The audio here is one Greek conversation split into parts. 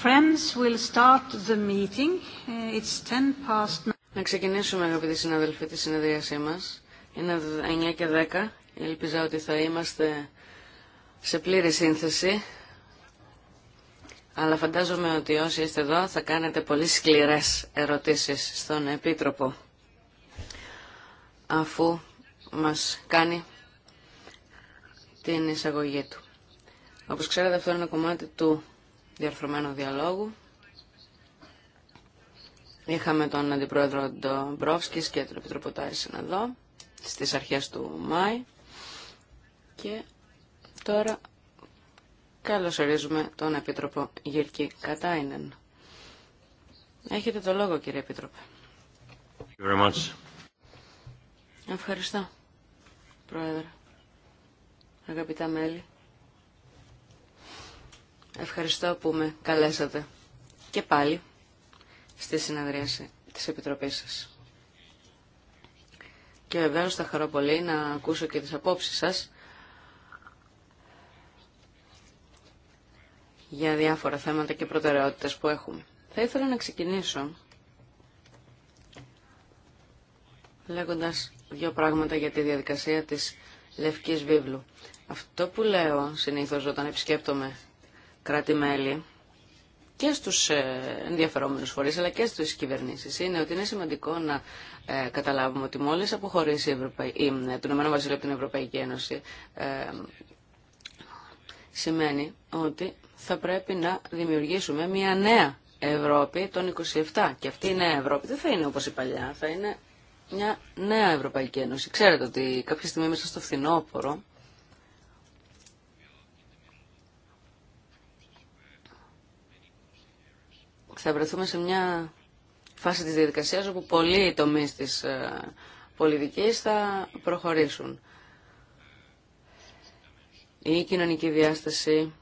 Friends we'll start the meeting. Uh, it's past... Να ξεκινήσουμε αγαπητοί συναδελφοί τη συνεδρίασή μας. Είναι 9 και 10. Ελπίζω ότι θα είμαστε σε πλήρη σύνθεση. Αλλά φαντάζομαι ότι όσοι είστε εδώ θα κάνετε πολύ σκληρές ερωτήσεις στον Επίτροπο. Αφού μας κάνει την εισαγωγή του. Όπως ξέρετε αυτό είναι ένα κομμάτι του διαρθρωμένου διαλόγου. Είχαμε τον Αντιπρόεδρο Ντομπρόφσκης και τον Επιτροπό Τάισεν εδώ στις αρχές του Μάη και τώρα καλωσορίζουμε τον Επίτροπο Γυρκή Κατάινεν. Έχετε το λόγο κύριε Επίτροπε. Ευχαριστώ, Πρόεδρε. Αγαπητά μέλη Ευχαριστώ που με καλέσατε και πάλι στη συναδρίαση της Επιτροπής σας. Και βεβαίως θα χαρώ πολύ να ακούσω και τις απόψεις σας για διάφορα θέματα και προτεραιότητες που έχουμε. Θα ήθελα να ξεκινήσω λέγοντας δύο πράγματα για τη διαδικασία της Λευκής Βίβλου. Αυτό που λέω συνήθως όταν επισκέπτομαι κράτη-μέλη και στους ε, ενδιαφερόμενους φορείς αλλά και στους κυβερνήσεις είναι ότι είναι σημαντικό να ε, καταλάβουμε ότι μόλις αποχωρήσει η ε, το Ηνωμένο από την Ευρωπαϊκή Ένωση σημαίνει ότι θα πρέπει να δημιουργήσουμε μια νέα Ευρώπη των 27. Και αυτή η νέα Ευρώπη δεν θα είναι όπως η παλιά, θα είναι μια νέα Ευρωπαϊκή Ένωση. Ξέρετε ότι κάποια στιγμή μέσα στο φθινόπωρο θα βρεθούμε σε μια φάση της διαδικασίας όπου πολλοί τομείς της ε, πολιτικής θα προχωρήσουν. Η κοινωνική διάσταση,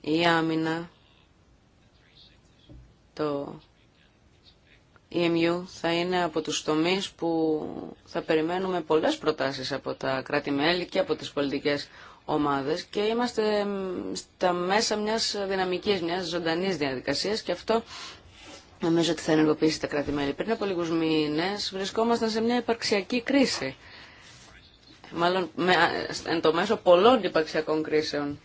η άμυνα, το EMU θα είναι από τους τομείς που θα περιμένουμε πολλές προτάσεις από τα κράτη-μέλη και από τις πολιτικές ομάδες και είμαστε στα μέσα μιας δυναμικής, μιας ζωντανής διαδικασίας και αυτό νομίζω ότι θα ενεργοποιήσει τα κράτη-μέλη. Πριν από λίγους μήνες βρισκόμασταν σε μια υπαρξιακή κρίση, μάλλον εν το μέσο πολλών υπαρξιακών κρίσεων.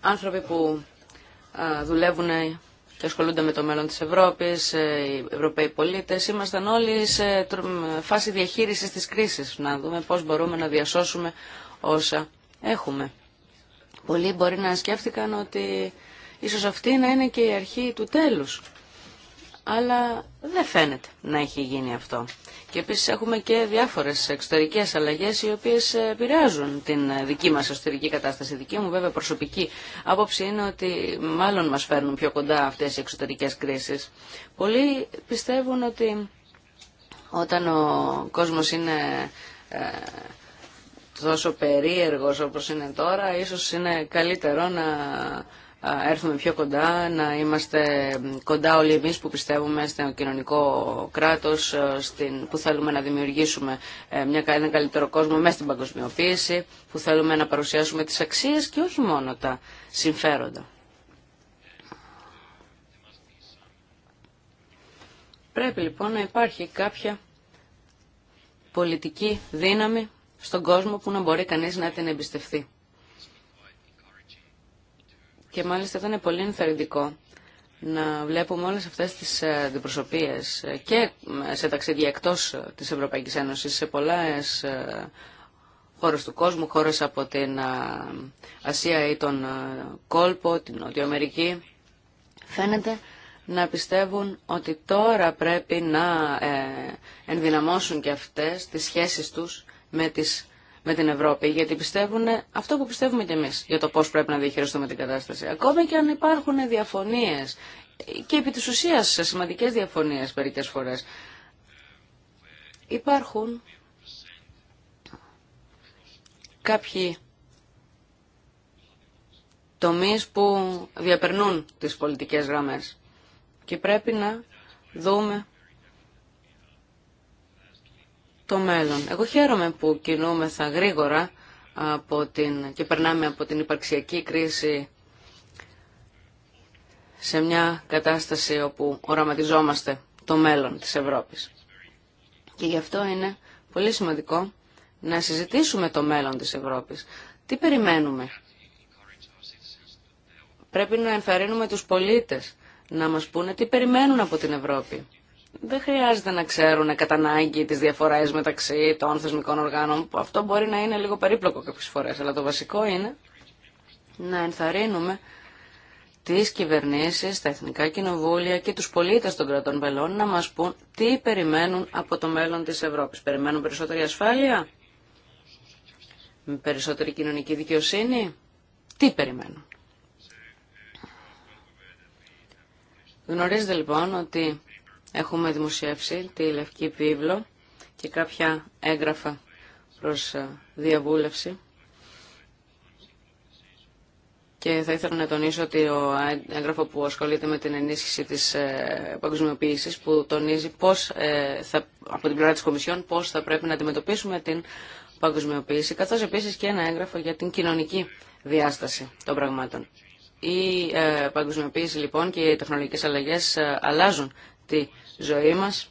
Άνθρωποι που δουλεύουν και ασχολούνται με το μέλλον της Ευρώπης, ε, οι Ευρωπαίοι πολίτες. Ήμασταν όλοι σε φάση διαχείρισης της κρίσης, να δούμε πώς μπορούμε να διασώσουμε όσα έχουμε. Πολλοί μπορεί να σκέφτηκαν ότι ίσως αυτή να είναι και η αρχή του τέλους αλλά δεν φαίνεται να έχει γίνει αυτό. Και επίσης έχουμε και διάφορες εξωτερικές αλλαγές οι οποίες επηρεάζουν την δική μας εξωτερική κατάσταση. δική μου βέβαια προσωπική άποψη είναι ότι μάλλον μας φέρνουν πιο κοντά αυτές οι εξωτερικές κρίσεις. Πολλοί πιστεύουν ότι όταν ο κόσμος είναι ε, τόσο περίεργος όπως είναι τώρα, ίσως είναι καλύτερο να έρθουμε πιο κοντά, να είμαστε κοντά όλοι εμείς που πιστεύουμε στο κοινωνικό κράτος, ε, στην, που θέλουμε να δημιουργήσουμε ε, μια, ένα καλύτερο κόσμο μέσα στην παγκοσμιοποίηση, που θέλουμε να παρουσιάσουμε τις αξίες και όχι μόνο τα συμφέροντα. Πρέπει λοιπόν να υπάρχει κάποια πολιτική δύναμη στον κόσμο που να μπορεί κανείς να την εμπιστευτεί. Και μάλιστα ήταν πολύ ενθαρρυντικό να βλέπουμε όλες αυτές τις ε, αντιπροσωπείες ε, και ε, σε ταξίδια εκτός της Ευρωπαϊκής Ένωσης σε πολλές χώρες του κόσμου, χώρες από την Ασία ή τον Κόλπο, την Νότια Αμερική. Φαίνεται να πιστεύουν ότι τώρα πρέπει να ενδυναμώσουν και αυτές τις σχέσεις τους με τις με την Ευρώπη, γιατί πιστεύουν αυτό που πιστεύουμε κι εμεί για το πώς πρέπει να διαχειριστούμε την κατάσταση. Ακόμα και αν υπάρχουν διαφωνίε και επί τη ουσία σημαντικέ διαφωνίε μερικέ φορές, υπάρχουν κάποιοι τομείς που διαπερνούν τις πολιτικές γραμμές και πρέπει να δούμε το μέλλον. Εγώ χαίρομαι που κινούμεθα γρήγορα από την, και περνάμε από την υπαρξιακή κρίση σε μια κατάσταση όπου οραματιζόμαστε το μέλλον της Ευρώπης. Και γι' αυτό είναι πολύ σημαντικό να συζητήσουμε το μέλλον της Ευρώπης. Τι περιμένουμε. Πρέπει να εμφαρίνουμε τους πολίτες να μας πούνε τι περιμένουν από την Ευρώπη δεν χρειάζεται να ξέρουν κατά ανάγκη τις διαφορέ μεταξύ των θεσμικών οργάνων. αυτό μπορεί να είναι λίγο περίπλοκο κάποιες φορές, αλλά το βασικό είναι να ενθαρρύνουμε τις κυβερνήσεις, τα εθνικά κοινοβούλια και τους πολίτες των κρατών μελών να μας πούν τι περιμένουν από το μέλλον της Ευρώπης. Περιμένουν περισσότερη ασφάλεια, περισσότερη κοινωνική δικαιοσύνη, τι περιμένουν. Γνωρίζετε λοιπόν ότι Έχουμε δημοσιεύσει τη Λευκή Πίβλο και κάποια έγγραφα προς ε, διαβούλευση. Και θα ήθελα να τονίσω ότι ο έγγραφο που ασχολείται με την ενίσχυση της ε, παγκοσμιοποίησης που τονίζει πώς ε, θα, από την πλευρά της Κομισιόν πώς θα πρέπει να αντιμετωπίσουμε την παγκοσμιοποίηση καθώς επίσης και ένα έγγραφο για την κοινωνική διάσταση των πραγμάτων. Η παγκοσμιοποίηση λοιπόν και οι τεχνολογικές αλλαγές αλλάζουν τη ζωή μας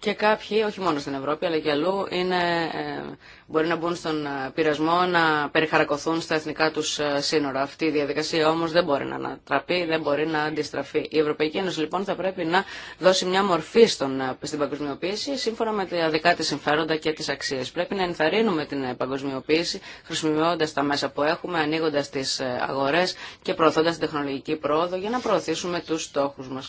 και κάποιοι, όχι μόνο στην Ευρώπη αλλά και αλλού, είναι, ε, μπορεί να μπουν στον ε, πειρασμό να περιχαρακωθούν στα εθνικά του ε, σύνορα. Αυτή η διαδικασία όμω δεν μπορεί να ανατραπεί, δεν μπορεί να αντιστραφεί. Η Ευρωπαϊκή Ένωση λοιπόν θα πρέπει να δώσει μια μορφή στον, στην παγκοσμιοποίηση σύμφωνα με τα δικά τη συμφέροντα και τι αξίε. Πρέπει να ενθαρρύνουμε την παγκοσμιοποίηση χρησιμοποιώντα τα μέσα που έχουμε, ανοίγοντα τι αγορέ και προωθώντας την τεχνολογική πρόοδο για να προωθήσουμε του στόχου μα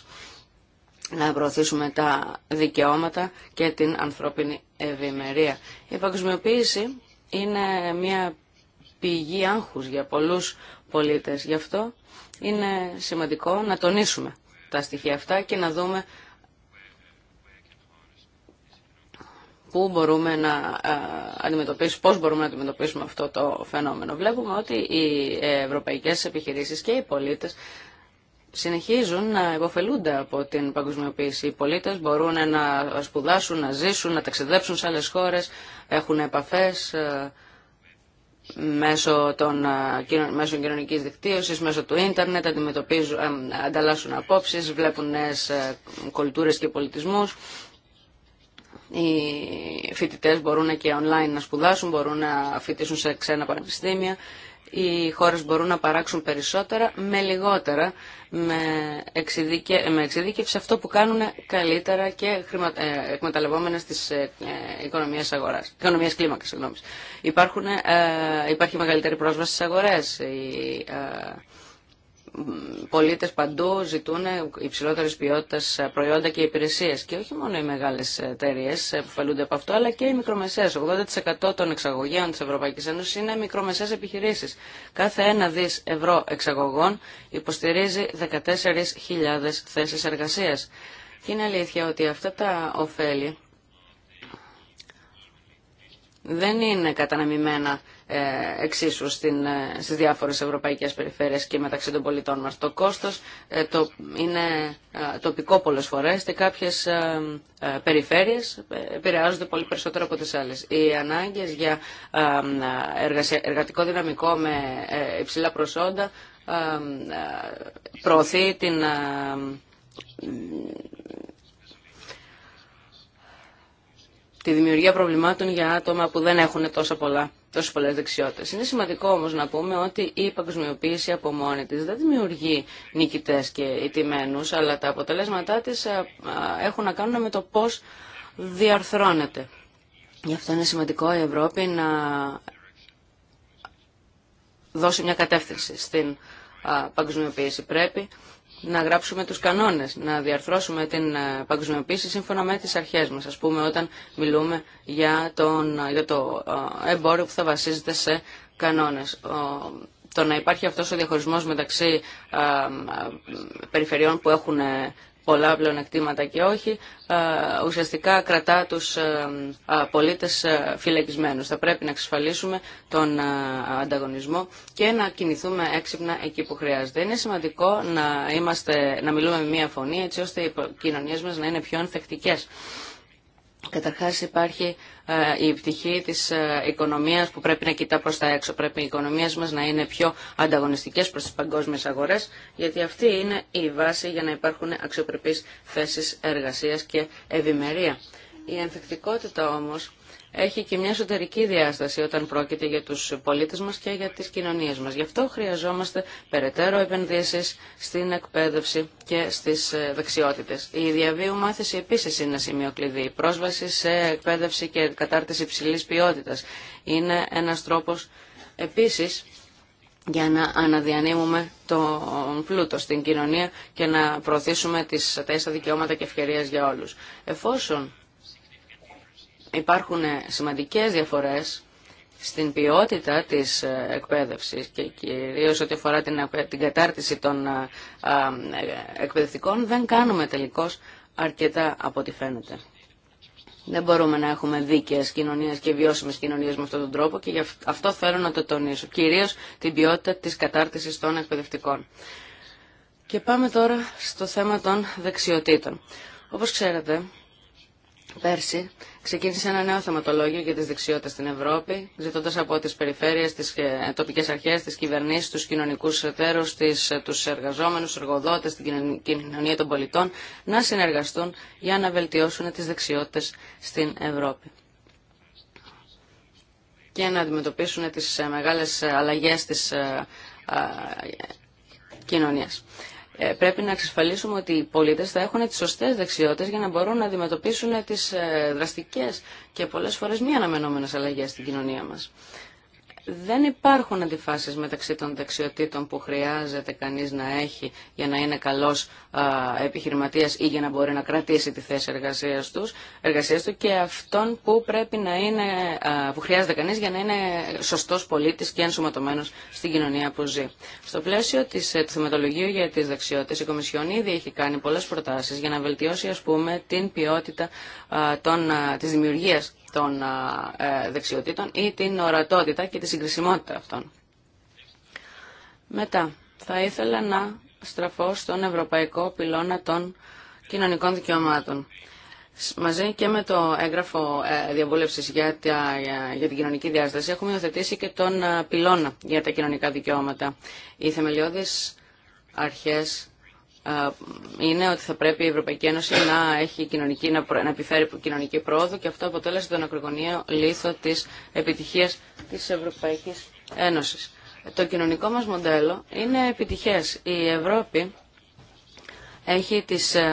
να προωθήσουμε τα δικαιώματα και την ανθρώπινη ευημερία. Η παγκοσμιοποίηση είναι μια πηγή άγχους για πολλούς πολίτες. Γι' αυτό είναι σημαντικό να τονίσουμε τα στοιχεία αυτά και να δούμε πού μπορούμε να αντιμετωπίσουμε, πώς μπορούμε να αντιμετωπίσουμε αυτό το φαινόμενο. Βλέπουμε ότι οι ευρωπαϊκές επιχειρήσεις και οι πολίτες συνεχίζουν να υποφελούνται από την παγκοσμιοποίηση. Οι πολίτες μπορούν να σπουδάσουν, να ζήσουν, να ταξιδέψουν σε άλλες χώρες, έχουν επαφές ε, μέσω, των, ε, μέσω κοινωνικής δικτύωσης, μέσω του ίντερνετ, αντιμετωπίζουν, ε, ανταλλάσσουν απόψεις, βλέπουν νέες κουλτούρες και πολιτισμούς. Οι φοιτητές μπορούν και online να σπουδάσουν, μπορούν να φοιτήσουν σε ξένα πανεπιστήμια οι χώρες μπορούν να παράξουν περισσότερα με λιγότερα, με, εξειδίκευση, με αυτό που κάνουν καλύτερα και χρημα, ε, εκμεταλλευόμενες τις ε, ε, οικονομίες, αγοράς, οικονομίες κλίμακας. Ε, υπάρχει μεγαλύτερη πρόσβαση στις αγορές, ε, πολίτες παντού ζητούν υψηλότερη ποιότητα προϊόντα και υπηρεσίες. Και όχι μόνο οι μεγάλες εταιρείε φαλούνται από αυτό, αλλά και οι μικρομεσαίες. 80% των εξαγωγέων της Ευρωπαϊκής Ένωσης είναι μικρομεσαίες επιχειρήσεις. Κάθε ένα δις ευρώ εξαγωγών υποστηρίζει 14.000 θέσεις εργασίας. Και είναι αλήθεια ότι αυτά τα ωφέλη δεν είναι καταναμημένα ε, εξίσου στην, ε, στις διάφορες ευρωπαϊκές περιφέρειες και μεταξύ των πολιτών μας. Το κόστος ε, το, είναι τοπικό πολλές φορές και κάποιες περιφέρειες επηρεάζονται πολύ περισσότερο από τις άλλες. Οι ανάγκες για εργατικό δυναμικό με υψηλά προσόντα προωθεί την τη δημιουργία προβλημάτων για άτομα που δεν έχουν τόσο πολλά, τόσο πολλές δεξιότητες. Είναι σημαντικό όμω να πούμε ότι η παγκοσμιοποίηση από μόνη τη δεν δημιουργεί νικητέ και ιτημένου, αλλά τα αποτελέσματά τη έχουν να κάνουν με το πώ διαρθρώνεται. Γι' αυτό είναι σημαντικό η Ευρώπη να δώσει μια κατεύθυνση στην παγκοσμιοποίηση. Πρέπει να γράψουμε τους κανόνες, να διαρθρώσουμε την ε, παγκοσμιοποίηση σύμφωνα με τις αρχές μας, ας πούμε όταν μιλούμε για, τον, για το ε, εμπόριο που θα βασίζεται σε κανόνες. Το να υπάρχει αυτός ο διαχωρισμός μεταξύ ε, περιφερειών που έχουν πολλά πλεονεκτήματα και όχι, ουσιαστικά κρατά τους πολίτες φυλακισμένους. Θα πρέπει να εξασφαλίσουμε τον ανταγωνισμό και να κινηθούμε έξυπνα εκεί που χρειάζεται. Είναι σημαντικό να, είμαστε, να μιλούμε με μία φωνή έτσι ώστε οι κοινωνίες μας να είναι πιο ανθεκτικές. Καταρχάς υπάρχει ε, η πτυχή της ε, οικονομίας που πρέπει να κοιτά προς τα έξω. Πρέπει οι οικονομίες μας να είναι πιο ανταγωνιστικές προς τις παγκόσμιες αγορές, γιατί αυτή είναι η βάση για να υπάρχουν αξιοπρεπείς θέσεις εργασίας και ευημερία. Η ανθεκτικότητα όμως έχει και μια εσωτερική διάσταση όταν πρόκειται για τους πολίτες μας και για τις κοινωνίες μας. Γι' αυτό χρειαζόμαστε περαιτέρω επενδύσεις στην εκπαίδευση και στις ε, δεξιότητες. Η διαβίου μάθηση επίσης είναι ένα σημείο κλειδί. Η πρόσβαση σε εκπαίδευση και κατάρτιση υψηλής ποιότητας είναι ένας τρόπος επίσης για να αναδιανύμουμε τον πλούτο στην κοινωνία και να προωθήσουμε τις τέσσερα δικαιώματα και ευκαιρίες για όλους. Εφόσον υπάρχουν σημαντικές διαφορές στην ποιότητα της ε, εκπαίδευσης και κυρίως ό,τι αφορά την κατάρτιση των ε, ε, εκπαιδευτικών δεν κάνουμε τελικώς αρκετά από ό,τι φαίνεται. Δεν μπορούμε να έχουμε δίκαιες κοινωνίες και βιώσιμες κοινωνίες με αυτόν τον τρόπο και γι' αυτό θέλω να το τονίσω. Κυρίως την ποιότητα της κατάρτισης των εκπαιδευτικών. Και πάμε τώρα στο θέμα των δεξιοτήτων. Όπως ξέρετε, Πέρσι ξεκίνησε ένα νέο θεματολόγιο για τις δεξιότητες στην Ευρώπη, ζητώντα από τις περιφέρειες, τις ε, τοπικές αρχές, τις κυβερνήσεις, τους κοινωνικούς εταίρου, του ε, τους εργαζόμενους, εργοδότε, εργοδότες, την κοινωνία των πολιτών, να συνεργαστούν για να βελτιώσουν τις δεξιότητες στην Ευρώπη και να αντιμετωπίσουν τι ε, μεγάλε αλλαγέ τη κοινωνία. Ε, πρέπει να εξασφαλίσουμε ότι οι πολίτες θα έχουν τις σωστές δεξιότητες για να μπορούν να αντιμετωπίσουν τις ε, δραστικές και πολλές φορές μη αναμενόμενες αλλαγές στην κοινωνία μας δεν υπάρχουν αντιφάσεις μεταξύ των δεξιοτήτων που χρειάζεται κανείς να έχει για να είναι καλός επιχειρηματίας ή για να μπορεί να κρατήσει τη θέση εργασίας, τους, εργασίας του και αυτών που, πρέπει να είναι, που χρειάζεται κανείς για να είναι σωστός πολίτης και ενσωματωμένος στην κοινωνία που ζει. Στο πλαίσιο της, ε, του θεματολογίου για τις δεξιότητες, η Κομισιόν ήδη έχει κάνει πολλές προτάσεις για να βελτιώσει ας πούμε, την ποιότητα των, της δημιουργίας των ε, δεξιοτήτων ή την ορατότητα και τη συγκρισιμότητα αυτών. Μετά, θα ήθελα να στραφώ στον Ευρωπαϊκό Πυλώνα των Κοινωνικών Δικαιωμάτων. Μαζί και με το έγγραφο ε, διαβούλευσης για, για την κοινωνική διάσταση έχουμε υιοθετήσει και τον πυλώνα για τα κοινωνικά δικαιώματα. Οι θεμελιώδεις αρχές είναι ότι θα πρέπει η Ευρωπαϊκή Ένωση να, έχει κοινωνική, να, να επιφέρει κοινωνική πρόοδο και αυτό αποτέλεσε τον ακρογωνίο λίθο της επιτυχίας της Ευρωπαϊκής Ένωσης. Το κοινωνικό μας μοντέλο είναι επιτυχές. Η Ευρώπη έχει, τις, ε,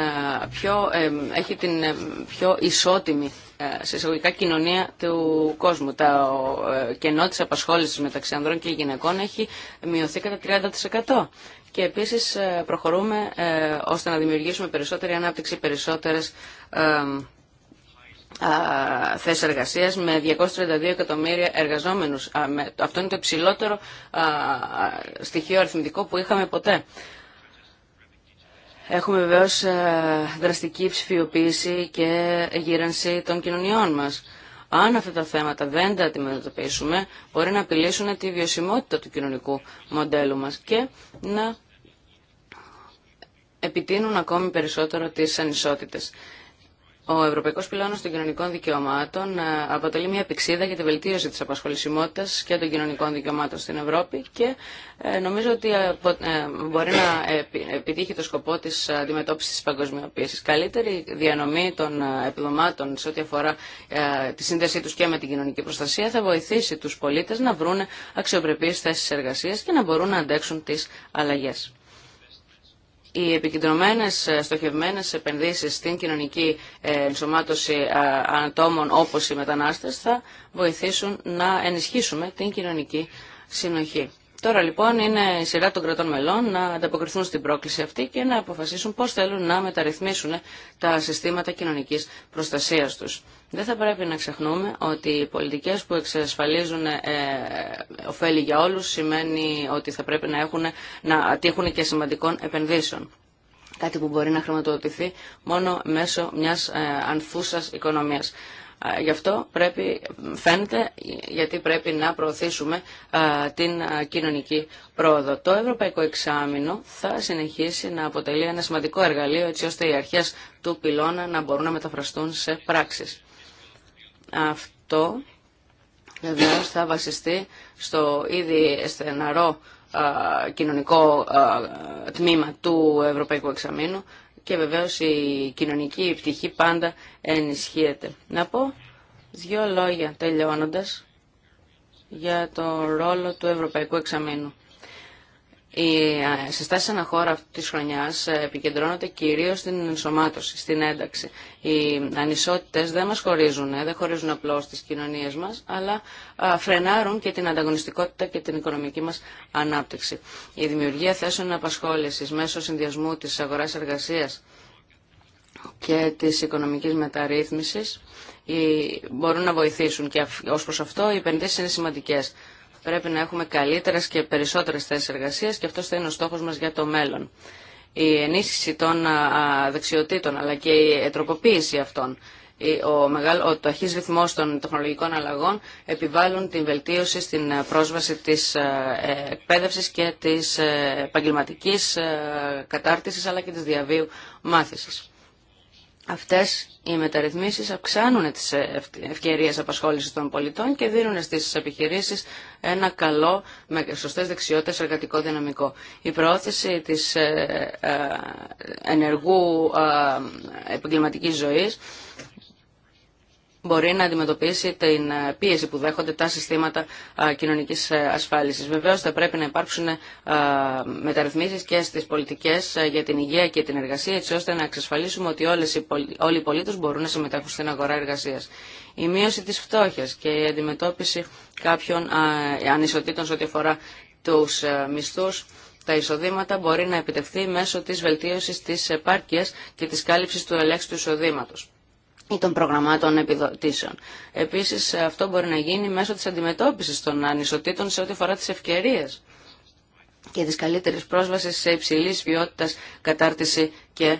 πιο, ε, έχει την ε, πιο ισότιμη σε εισαγωγικά κοινωνία του κόσμου. Το κενό της απασχόλησης μεταξύ ανδρών και γυναικών έχει μειωθεί κατά 30% και επίσης ε, προχωρούμε ε, ώστε να δημιουργήσουμε περισσότερη ανάπτυξη, περισσότερες ε, θέσεις εργασίας με 232 εκατομμύρια εργαζόμενους. Αυτό είναι το υψηλότερο στοιχείο αριθμητικό που είχαμε ποτέ. Έχουμε βεβαίω δραστική ψηφιοποίηση και γύρανση των κοινωνιών μας. Αν αυτά τα θέματα δεν τα αντιμετωπίσουμε, μπορεί να απειλήσουν τη βιωσιμότητα του κοινωνικού μοντέλου μας και να επιτείνουν ακόμη περισσότερο τις ανισότητες. Ο Ευρωπαϊκό Πυλώνας των Κοινωνικών Δικαιωμάτων ε, αποτελεί μια επεξίδα για τη βελτίωση τη απασχολησιμότητα και των κοινωνικών δικαιωμάτων στην Ευρώπη και ε, νομίζω ότι ε, μπορεί να επιτύχει το σκοπό τη αντιμετώπισης τη παγκοσμιοποίηση. Καλύτερη διανομή των επιδομάτων σε ό,τι αφορά τη σύνδεσή του και με την κοινωνική προστασία θα βοηθήσει του πολίτε να βρουν αξιοπρεπείς θέσεις εργασία και να μπορούν να αντέξουν τι αλλαγέ οι επικεντρωμένες ε, στοχευμένες επενδύσεις στην κοινωνική ε, ενσωμάτωση ε, ανάτομων όπως οι μετανάστες θα βοηθήσουν να ενισχύσουμε την κοινωνική συνοχή. Τώρα λοιπόν είναι η σειρά των κρατών μελών να ανταποκριθούν στην πρόκληση αυτή και να αποφασίσουν πώς θέλουν να μεταρρυθμίσουν τα συστήματα κοινωνικής προστασίας τους. Δεν θα πρέπει να ξεχνούμε ότι οι πολιτικές που εξασφαλίζουν ε, ωφέλη για όλους σημαίνει ότι θα πρέπει να, έχουν, να τύχουν και σημαντικών επενδύσεων. Κάτι που μπορεί να χρηματοδοτηθεί μόνο μέσω μιας ε, ανθούσας οικονομίας. Γι' αυτό πρέπει, φαίνεται, γιατί πρέπει να προωθήσουμε την κοινωνική πρόοδο. Το Ευρωπαϊκό Εξάμεινο θα συνεχίσει να αποτελεί ένα σημαντικό εργαλείο έτσι ώστε οι αρχές του πυλώνα να μπορούν να μεταφραστούν σε πράξεις. Αυτό βεβαίω θα βασιστεί στο ήδη στεναρό κοινωνικό τμήμα του Ευρωπαϊκού Εξαμήνου και βεβαίως η κοινωνική πτυχή πάντα ενισχύεται. Να πω δύο λόγια τελειώνοντας για το ρόλο του Ευρωπαϊκού Εξαμήνου. Οι ε, συστάσει αναχώρα αυτή τη χρονιά ε, επικεντρώνονται κυρίω στην ενσωμάτωση, στην ένταξη. Οι ανισότητε δεν μα χωρίζουν, ε, δεν χωρίζουν απλώ τι κοινωνίε μα, αλλά φρενάρουν και την ανταγωνιστικότητα και την οικονομική μα ανάπτυξη. Η δημιουργία θέσεων απασχόληση μέσω συνδυασμού τη αγορά-εργασία και της οικονομικής μεταρρύθμισης μπορούν να βοηθήσουν και ως προς αυτό οι επενδύσεις είναι σημαντικές. Πρέπει να έχουμε καλύτερες και περισσότερες θέσεις εργασίας και αυτός θα είναι ο στόχος μας για το μέλλον. Η ενίσχυση των δεξιοτήτων αλλά και η ετροποποίηση αυτών ο, μεγάλο, ο ταχύς ρυθμός των τεχνολογικών αλλαγών επιβάλλουν την βελτίωση στην ε, πρόσβαση της ε, ε, εκπαίδευσης και της επαγγελματική κατάρτισης αλλά και της διαβίου μάθησης. Αυτές οι μεταρρυθμίσεις αυξάνουν τις ευκαιρίες απασχόλησης των πολιτών και δίνουν στις επιχειρήσεις ένα καλό, με σωστές δεξιότητες, εργατικό δυναμικό. Η προώθηση της ε, ε, ενεργού ε, επαγγελματικής ζωής μπορεί να αντιμετωπίσει την ε, πίεση που δέχονται τα συστήματα κοινωνικής ε, ασφάλισης. Βεβαίως θα πρέπει να υπάρξουν ε, μεταρρυθμίσεις και στις πολιτικές για την υγεία και την εργασία έτσι ώστε να εξασφαλίσουμε ότι όλοι οι πολίτες μπορούν να συμμετέχουν στην αγορά εργασίας. Η μείωση της φτώχειας και η αντιμετώπιση κάποιων ανισοτήτων σε ό,τι αφορά τους μισθούς τα εισοδήματα μπορεί να επιτευχθεί μέσω της βελτίωσης της επάρκειας και της κάλυψης του ελέγχου του εισοδήματος ή των προγραμμάτων επιδοτήσεων. Επίσης αυτό μπορεί να γίνει μέσω της αντιμετώπισης των ανισοτήτων σε ό,τι αφορά τις ευκαιρίες και τη καλύτερη πρόσβαση σε υψηλή ποιότητα, κατάρτιση και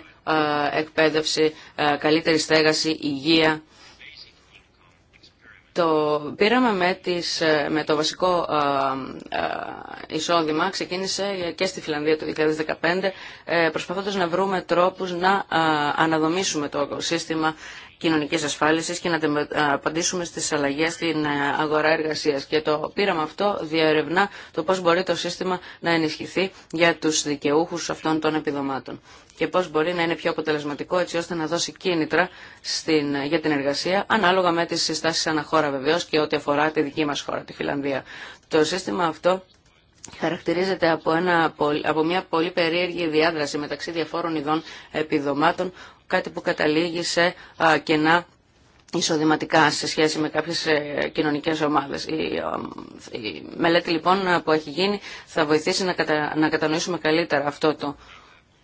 εκπαίδευση, καλύτερη στέγαση, υγεία. Το πήραμε με, τις, ε, με το βασικό εισόδημα ξεκίνησε και στη Φιλανδία το 2015 ε, προσπαθώντας να βρούμε τρόπους να αναδομήσουμε το σύστημα κοινωνική ασφάλισης και να απαντήσουμε στι αλλαγέ στην ε, αγορά εργασία. Και το πείραμα αυτό διαρευνά το πώ μπορεί το σύστημα να ενισχυθεί για του δικαιούχου αυτών των επιδομάτων και πώ μπορεί να είναι πιο αποτελεσματικό έτσι ώστε να δώσει κίνητρα στην, ε, για την εργασία ανάλογα με τι συστάσει αναχώρα βεβαίω και ό,τι αφορά τη δική μα χώρα, τη Φιλανδία. Το σύστημα αυτό χαρακτηρίζεται από, ένα, από μια πολύ περίεργη διάδραση μεταξύ διαφόρων ειδών επιδομάτων κάτι που καταλήγει σε κενά εισοδηματικά σε σχέση με κάποιες ε, κοινωνικές ομάδες. Η μελέτη λοιπόν που έχει γίνει θα βοηθήσει να, να κατανοήσουμε καλύτερα αυτό το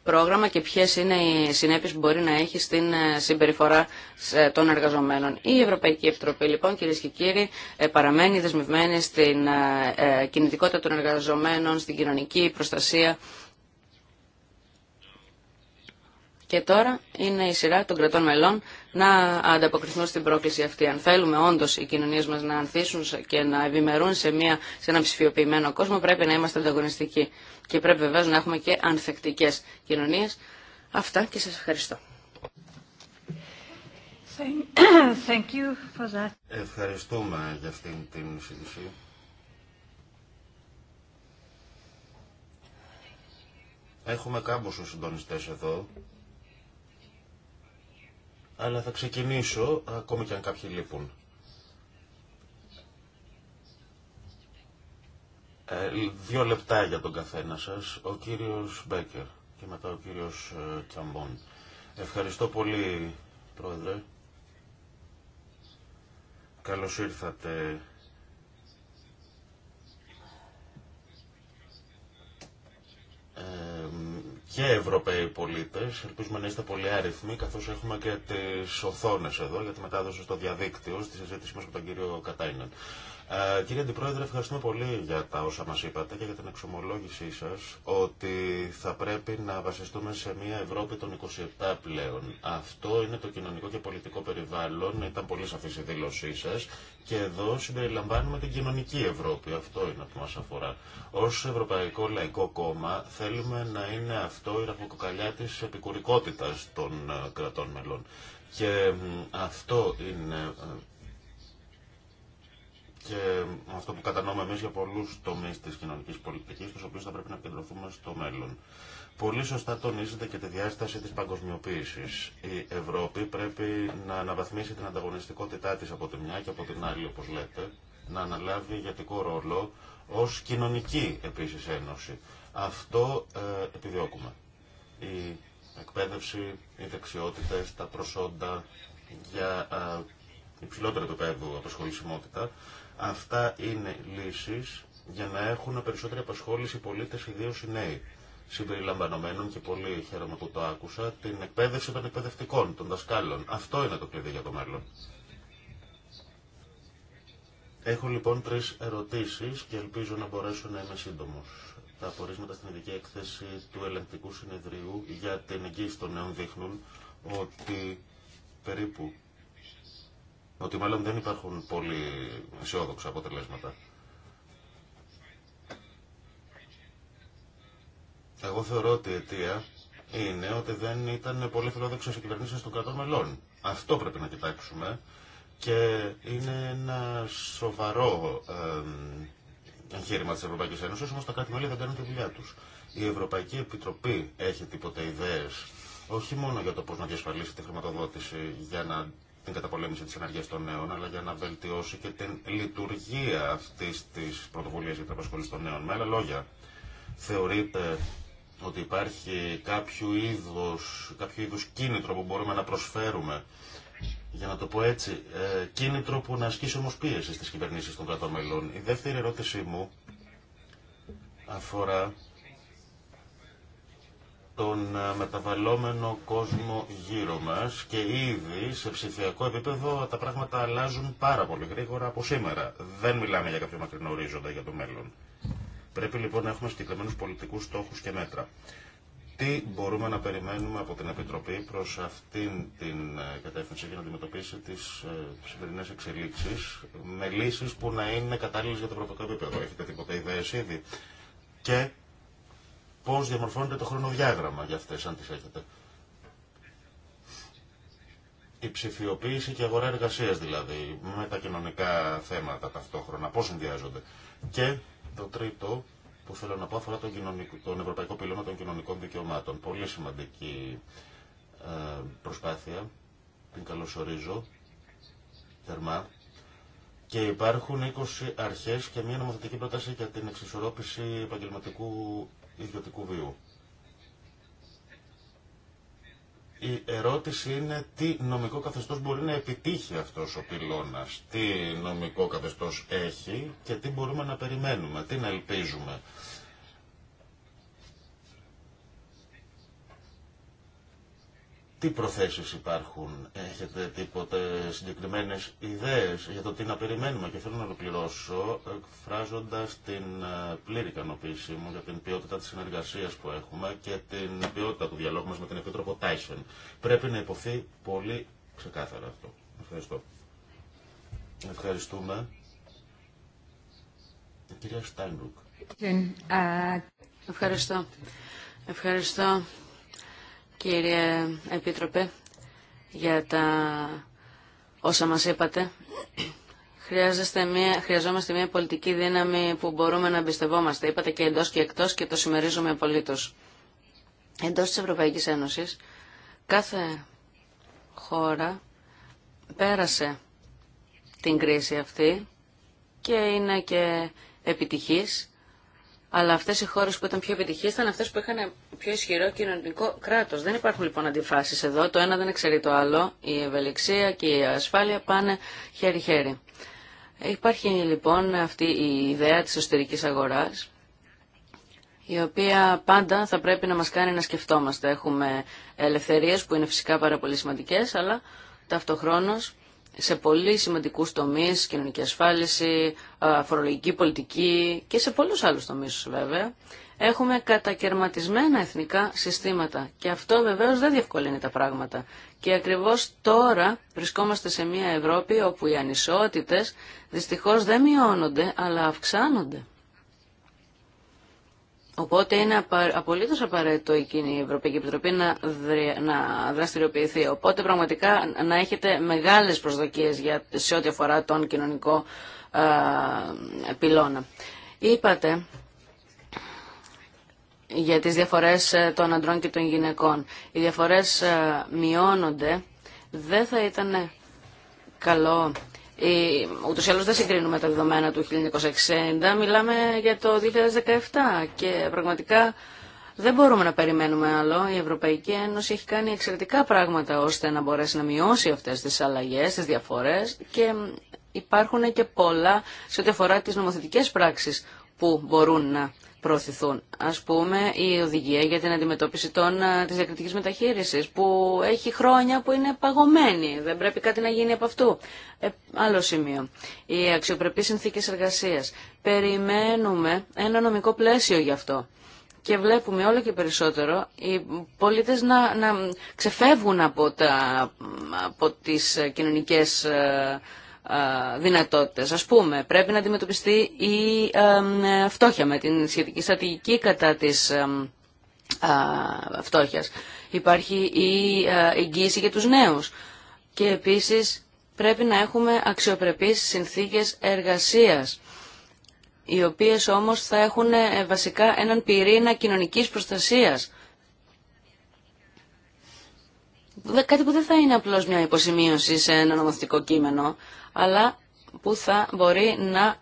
πρόγραμμα και ποιες είναι οι συνέπειες που μπορεί να έχει στην ε, συμπεριφορά ε, των εργαζομένων. Η Ευρωπαϊκή Επιτροπή λοιπόν κυρίες και κύριοι παραμένει δεσμευμένη στην κινητικότητα των εργαζομένων, στην κοινωνική προστασία και τώρα είναι η σειρά των κρατών μελών να ανταποκριθούν στην πρόκληση αυτή. Αν θέλουμε όντω οι κοινωνίε μα να ανθίσουν και να ευημερούν σε, μια, σε ένα ψηφιοποιημένο κόσμο, πρέπει να είμαστε ανταγωνιστικοί. Και πρέπει βεβαίω να έχουμε και ανθεκτικέ κοινωνίε. Αυτά και σα ευχαριστώ. Thank you for that. Ευχαριστούμε για αυτήν την συζήτηση. Έχουμε κάμποσους συντονιστές εδώ αλλά θα ξεκινήσω ακόμη και αν κάποιοι λείπουν. Ε, δύο λεπτά για τον καθένα σας. Ο κύριος Μπέκερ και μετά ο κύριος ε, Τσαμπών. Ευχαριστώ πολύ, Πρόεδρε. Καλώς ήρθατε. Ε, και Ευρωπαίοι πολίτες. Ελπίζουμε να είστε πολύ άριθμοι, καθώς έχουμε και τις οθόνες εδώ για τη μετάδοση στο διαδίκτυο, στη συζήτηση μα με τον κύριο Κατάινεν. Ε, κύριε Αντιπρόεδρε, ευχαριστούμε πολύ για τα όσα μας είπατε και για την εξομολόγησή σας ότι θα πρέπει να βασιστούμε σε μια Ευρώπη των 27 πλέον. Αυτό είναι το κοινωνικό και πολιτικό περιβάλλον, ήταν πολύ σαφή η δήλωσή σας και εδώ συμπεριλαμβάνουμε την κοινωνική Ευρώπη, αυτό είναι που μας αφορά. Ως Ευρωπαϊκό Λαϊκό Κόμμα θέλουμε να είναι αυτό η ραχοκοκαλιά της επικουρικότητας των ε, κρατών μελών. Και αυτό είναι ε, και αυτό που κατανοούμε εμεί για πολλού τομεί τη κοινωνική πολιτική, στου οποίου θα πρέπει να επικεντρωθούμε στο μέλλον. Πολύ σωστά τονίζεται και τη διάσταση τη παγκοσμιοποίηση. Η Ευρώπη πρέπει να αναβαθμίσει την ανταγωνιστικότητά τη από τη μια και από την άλλη, όπω λέτε, να αναλάβει ηγετικό ρόλο ω κοινωνική επίση ένωση. Αυτό ε, επιδιώκουμε. Η εκπαίδευση, οι δεξιότητε, τα προσόντα για ε, υψηλότερο επίπεδο απασχολησιμότητα Αυτά είναι λύσεις για να έχουν περισσότερη απασχόληση οι πολίτες, ιδίως οι νέοι συμπεριλαμβανομένων και πολύ χαίρομαι που το άκουσα, την εκπαίδευση των εκπαιδευτικών, των δασκάλων. Αυτό είναι το κλειδί για το μέλλον. Έχω λοιπόν τρεις ερωτήσεις και ελπίζω να μπορέσω να είμαι σύντομος. Τα απορίσματα στην ειδική έκθεση του ελεγκτικού συνεδρίου για την εγγύηση των νέων δείχνουν ότι περίπου ότι μάλλον δεν υπάρχουν πολύ αισιόδοξα αποτελέσματα. Εγώ θεωρώ ότι η αιτία είναι ότι δεν ήταν πολύ φιλόδοξε οι κυβερνήσει των κρατών μελών. Αυτό πρέπει να κοιτάξουμε και είναι ένα σοβαρό εγχείρημα τη Ευρωπαϊκή Ένωση, όμω τα κράτη-μέλη δεν κάνουν τη δουλειά του. Η Ευρωπαϊκή Επιτροπή έχει τίποτε ιδέε, όχι μόνο για το πώ να διασφαλίσει τη χρηματοδότηση για να την καταπολέμηση της ενεργείας των νέων, αλλά για να βελτιώσει και την λειτουργία αυτής της πρωτοβουλίας για την απασχόληση των νέων. Με άλλα λόγια, θεωρείτε ότι υπάρχει κάποιο είδος, κάποιο κίνητρο που μπορούμε να προσφέρουμε για να το πω έτσι, ε, κίνητρο που να ασκήσει όμως πίεση στις κυβερνήσεις των κρατών μελών. Η δεύτερη ερώτησή μου αφορά τον ε, μεταβαλλόμενο κόσμο γύρω μας και ήδη σε ψηφιακό επίπεδο τα πράγματα αλλάζουν πάρα πολύ γρήγορα από σήμερα. Δεν μιλάμε για κάποιο μακρινό ορίζοντα για το μέλλον. Πρέπει λοιπόν να έχουμε συγκεκριμένου πολιτικούς στόχους και μέτρα. Τι μπορούμε να περιμένουμε από την Επιτροπή προς αυτήν την ε, κατεύθυνση για να αντιμετωπίσει τις ε, σημερινέ εξελίξεις με λύσεις που να είναι κατάλληλες για το ευρωπαϊκό επίπεδο. Έχετε τίποτα ιδέε ήδη. Και πώς διαμορφώνεται το χρονοδιάγραμμα για αυτές, αν τις έχετε. Η ψηφιοποίηση και αγορά εργασία δηλαδή, με τα κοινωνικά θέματα ταυτόχρονα, πώς συνδυάζονται. Και το τρίτο που θέλω να πω αφορά τον, κοινωνικό, τον Ευρωπαϊκό Πυλώνα των Κοινωνικών Δικαιωμάτων. Πολύ σημαντική ε, προσπάθεια, την καλωσορίζω θερμά. Και υπάρχουν 20 αρχές και μια νομοθετική πρόταση για την εξισορρόπηση επαγγελματικού ιδιωτικού βίου. Η ερώτηση είναι τι νομικό καθεστώς μπορεί να επιτύχει αυτός ο πυλώνας, τι νομικό καθεστώς έχει και τι μπορούμε να περιμένουμε, τι να ελπίζουμε. τι προθέσεις υπάρχουν. Έχετε τίποτε συγκεκριμένες ιδέες για το τι να περιμένουμε και θέλω να ολοκληρώσω εκφράζοντας την ε, πλήρη ικανοποίησή μου για την ποιότητα της συνεργασίας που έχουμε και την ποιότητα του διαλόγου μας με την Επίτροπο Τάισον. Πρέπει να υποθεί πολύ ξεκάθαρα αυτό. Ευχαριστώ. Ευχαριστούμε. κυρία Στάινρουκ. Ε, ευχαριστώ. Ευχαριστώ κύριε Επίτροπε, για τα όσα μας είπατε. Χρειάζεστε μια, χρειαζόμαστε μια πολιτική δύναμη που μπορούμε να εμπιστευόμαστε. Είπατε και εντός και εκτός και το συμμερίζουμε απολύτως. Εντός της Ευρωπαϊκής Ένωσης, κάθε χώρα πέρασε την κρίση αυτή και είναι και επιτυχής αλλά αυτές οι χώρες που ήταν πιο επιτυχίε ήταν αυτές που είχαν πιο ισχυρό κοινωνικό κράτος. Δεν υπάρχουν λοιπόν αντιφάσεις εδώ, το ένα δεν εξαιρεί το άλλο, η ευελιξία και η ασφάλεια πάνε χέρι-χέρι. Υπάρχει λοιπόν αυτή η ιδέα της εσωτερική αγοράς, η οποία πάντα θα πρέπει να μας κάνει να σκεφτόμαστε. Έχουμε ελευθερίε που είναι φυσικά πάρα πολύ σημαντικέ, αλλά ταυτοχρόνω σε πολύ σημαντικούς τομείς, κοινωνική ασφάλιση, φορολογική πολιτική και σε πολλούς άλλους τομείς βέβαια, έχουμε κατακαιρματισμένα εθνικά συστήματα και αυτό βεβαίως δεν διευκολύνει τα πράγματα. Και ακριβώς τώρα βρισκόμαστε σε μια Ευρώπη όπου οι ανισότητες δυστυχώς δεν μειώνονται αλλά αυξάνονται. Οπότε είναι απολύτως απαραίτητο εκείνη η Ευρωπαϊκή Επιτροπή να, να δραστηριοποιηθεί. Οπότε πραγματικά να έχετε μεγάλες προσδοκίες για, σε ό,τι αφορά τον κοινωνικό α, πυλώνα. Είπατε για τις διαφορές ε, των αντρών και των γυναικών. Οι διαφορές ε, μειώνονται. Δεν θα ήταν καλό Ούτω ή άλλω δεν συγκρίνουμε τα δεδομένα του 1960, μιλάμε για το 2017 και πραγματικά δεν μπορούμε να περιμένουμε άλλο. Η Ευρωπαϊκή Ένωση έχει κάνει εξαιρετικά πράγματα ώστε να μπορέσει να μειώσει αυτέ τι αλλαγέ, τι διαφορέ και υπάρχουν και πολλά σε ό,τι αφορά τι νομοθετικέ πράξει που μπορούν να προωθηθούν. Ας πούμε η οδηγία για την αντιμετώπιση των, ε, της διακριτικής μεταχείρισης που έχει χρόνια που είναι παγωμένη. Δεν πρέπει κάτι να γίνει από αυτού. Ε, άλλο σημείο. Οι αξιοπρεπείς συνθήκες εργασίας. Περιμένουμε ένα νομικό πλαίσιο γι' αυτό. Και βλέπουμε όλο και περισσότερο οι πολίτες να, να ξεφεύγουν από, τα, από τις κοινωνικές ε, δυνατότητες. Ας πούμε, πρέπει να αντιμετωπιστεί η ε, φτώχεια με την σχετική στρατηγική κατά της φτώχειας. Υπάρχει η εγγύηση για τους νέους και επίσης πρέπει να έχουμε αξιοπρεπείς συνθήκες εργασίας οι οποίες όμως θα έχουν ε, βασικά έναν πυρήνα κοινωνικής προστασίας κάτι που δεν θα είναι απλώ μια υποσημείωση σε ένα νομοθετικό κείμενο, αλλά που θα μπορεί να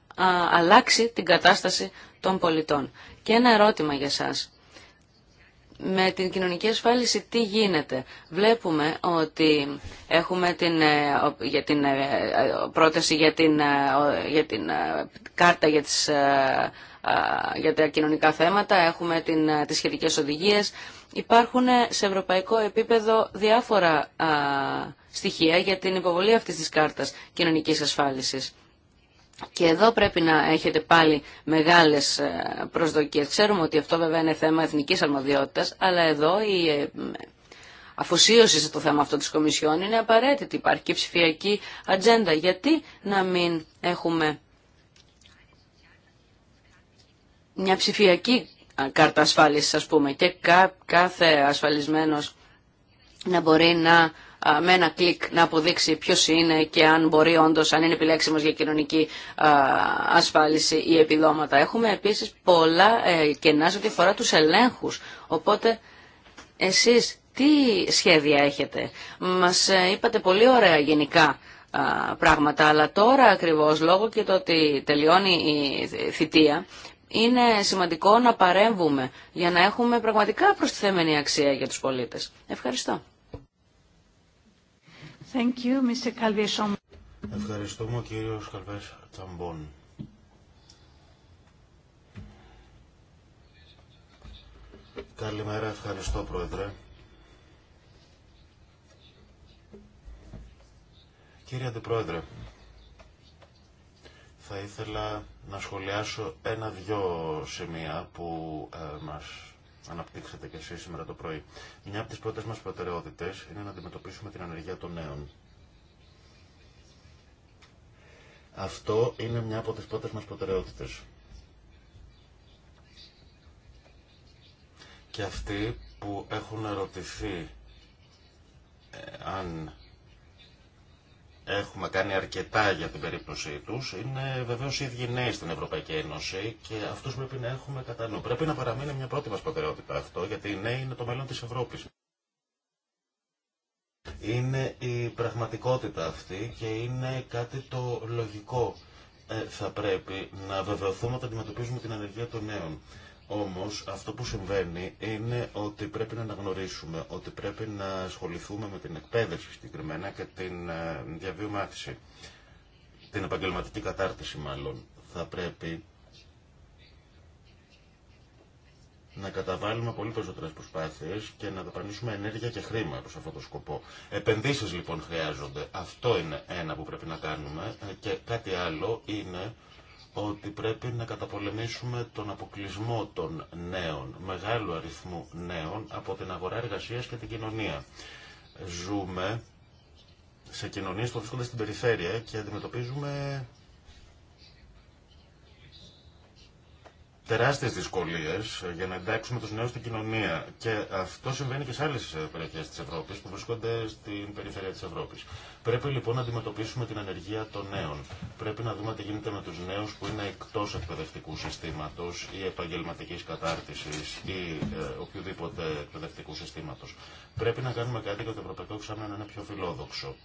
αλλάξει την κατάσταση των πολιτών. Και ένα ερώτημα για σας. Με την κοινωνική ασφάλιση τι γίνεται. Βλέπουμε ότι έχουμε την, ε, για την ε, πρόταση για την, ε, για την κάρτα για, τις, τα κοινωνικά θέματα, έχουμε την, τις σχετικές οδηγίες, Υπάρχουν σε ευρωπαϊκό επίπεδο διάφορα α, στοιχεία για την υποβολή αυτής της κάρτας κοινωνικής ασφάλισης. Και εδώ πρέπει να έχετε πάλι μεγάλες ε, προσδοκίες. Ξέρουμε ότι αυτό βέβαια είναι θέμα εθνικής αρμοδιότητας, αλλά εδώ η ε, αφοσίωση σε το θέμα αυτό της Κομισιόν είναι απαραίτητη. Υπάρχει και ψηφιακή ατζέντα. Γιατί να μην έχουμε μια ψηφιακή κάρτα ασφάλισης ας πούμε και κάθε ασφαλισμένος να μπορεί να με ένα κλικ να αποδείξει ποιο είναι και αν μπορεί όντω, αν είναι επιλέξιμος για κοινωνική ασφάλιση ή επιδόματα. Έχουμε επίση πολλά ε, κενά σε ό,τι αφορά του ελέγχου. Οπότε εσεί τι σχέδια έχετε. Μας ε, είπατε πολύ ωραία γενικά πράγματα, αλλά τώρα ακριβώ λόγω και το ότι τελειώνει η θητεία είναι σημαντικό να παρέμβουμε για να έχουμε πραγματικά προστιθέμενη αξία για τους πολίτες. Ευχαριστώ. Thank you, Mr. Ευχαριστούμε ο κύριος Τσαμπών. Καλημέρα, ευχαριστώ Πρόεδρε. Κύριε Αντιπρόεδρε, θα ήθελα να σχολιάσω ένα-δυο σημεία που ε, μας αναπτύξατε και εσείς σήμερα το πρωί. Μια από τις πρώτες μας προτεραιότητες είναι να αντιμετωπίσουμε την ανεργία των νέων. Αυτό είναι μια από τις πρώτες μας προτεραιότητες. Και αυτοί που έχουν ερωτηθεί ε, αν έχουμε κάνει αρκετά για την περίπτωσή του. είναι βεβαίως οι ίδιοι νέοι στην Ευρωπαϊκή Ένωση και αυτού πρέπει να έχουμε κατά νου. Πρέπει να παραμείνει μια πρώτη μας προτεραιότητα αυτό γιατί οι νέοι είναι το μέλλον της Ευρώπης. Είναι η πραγματικότητα αυτή και είναι κάτι το λογικό. Ε, θα πρέπει να βεβαιωθούμε ότι αντιμετωπίζουμε την ανεργία των νέων. Όμως αυτό που συμβαίνει είναι ότι πρέπει να αναγνωρίσουμε, ότι πρέπει να ασχοληθούμε με την εκπαίδευση συγκεκριμένα και την ε, διαβίωμα την επαγγελματική κατάρτιση μάλλον. Θα πρέπει να καταβάλουμε πολύ περισσότερε προσπάθειε και να δαπανίσουμε ενέργεια και χρήμα προ αυτόν τον σκοπό. Επενδύσει λοιπόν χρειάζονται. Αυτό είναι ένα που πρέπει να κάνουμε. Ε, και κάτι άλλο είναι ότι πρέπει να καταπολεμήσουμε τον αποκλεισμό των νέων, μεγάλου αριθμού νέων, από την αγορά εργασίας και την κοινωνία. Ζούμε σε κοινωνίες που βρίσκονται στην περιφέρεια και αντιμετωπίζουμε τεράστιε δυσκολίε ε, για να εντάξουμε του νέου στην κοινωνία. Και αυτό συμβαίνει και σε άλλε περιοχέ τη Ευρώπη που βρίσκονται στην περιφέρεια τη Ευρώπη. Πρέπει λοιπόν να αντιμετωπίσουμε την ανεργία των νέων. Πρέπει να δούμε τι γίνεται με του νέου που είναι εκτό εκπαιδευτικού συστήματο ή επαγγελματική κατάρτιση ή ε, οποιοδήποτε εκπαιδευτικού συστήματο. Πρέπει να κάνουμε κάτι για το Ευρωπαϊκό Εξάμεινο να είναι πιο φιλόδοξο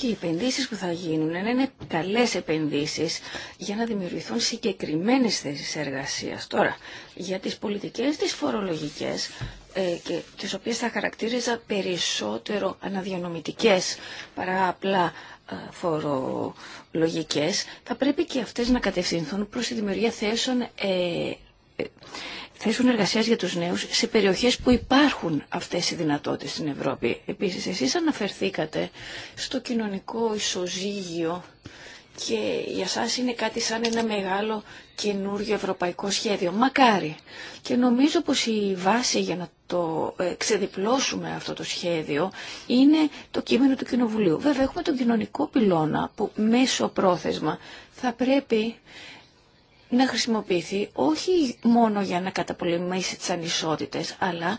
και οι επενδύσεις που θα γίνουν να είναι καλές επενδύσεις για να δημιουργηθούν συγκεκριμένες θέσεις εργασίας. Τώρα, για τις πολιτικές, τις φορολογικές, ε, και τις οποίες θα χαρακτήριζα περισσότερο αναδιανομητικές παρά απλά ε, φορολογικές, θα πρέπει και αυτές να κατευθυνθούν προς τη δημιουργία θέσεων ε, Θέσουν εργασία για τους νέους σε περιοχές που υπάρχουν αυτές οι δυνατότητες στην Ευρώπη. Επίσης, εσείς αναφερθήκατε στο κοινωνικό ισοζύγιο και για σας είναι κάτι σαν ένα μεγάλο καινούριο ευρωπαϊκό σχέδιο. Μακάρι. Και νομίζω πως η βάση για να το ε, ξεδιπλώσουμε αυτό το σχέδιο είναι το κείμενο του Κοινοβουλίου. Βέβαια έχουμε τον κοινωνικό πυλώνα που μέσω πρόθεσμα θα πρέπει να χρησιμοποιηθεί όχι μόνο για να καταπολεμήσει τις ανισότητες, αλλά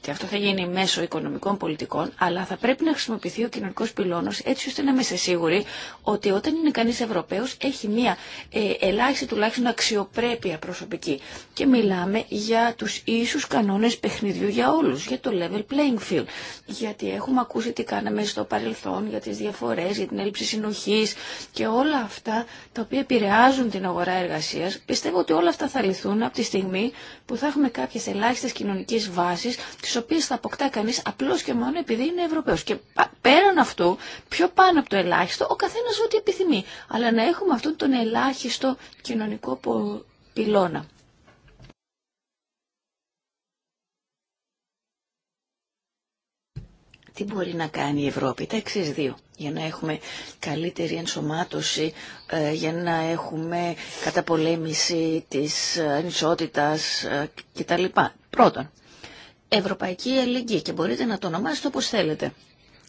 και αυτό θα γίνει μέσω οικονομικών πολιτικών, αλλά θα πρέπει να χρησιμοποιηθεί ο κοινωνικός πυλώνος έτσι ώστε να είμαστε σίγουροι ότι όταν είναι κανείς Ευρωπαίος έχει μια ε, ελάχιστη τουλάχιστον αξιοπρέπεια προσωπική. Και μιλάμε για τους ίσους κανόνες παιχνιδιού για όλους, για το level playing field. Γιατί έχουμε ακούσει τι κάναμε στο παρελθόν, για τις διαφορές, για την έλλειψη συνοχής και όλα αυτά τα οποία επηρεάζουν την αγορά εργασία. Πιστεύω ότι όλα αυτά θα λυθούν από τη στιγμή που θα έχουμε κάποιε ελάχιστε κοινωνικέ βάσει, τι οποίε θα αποκτά κανεί απλώ και μόνο επειδή είναι Ευρωπαίο. Και πέραν αυτού, πιο πάνω από το ελάχιστο, ο καθένα ό,τι επιθυμεί. Αλλά να έχουμε αυτόν τον ελάχιστο κοινωνικό πυλώνα. Τι μπορεί να κάνει η Ευρώπη, τα εξή δύο για να έχουμε καλύτερη ενσωμάτωση, ε, για να έχουμε καταπολέμηση της ε, ανισότητας ε, κτλ. Πρώτον, Ευρωπαϊκή Ελληνική και μπορείτε να το ονομάσετε όπως θέλετε.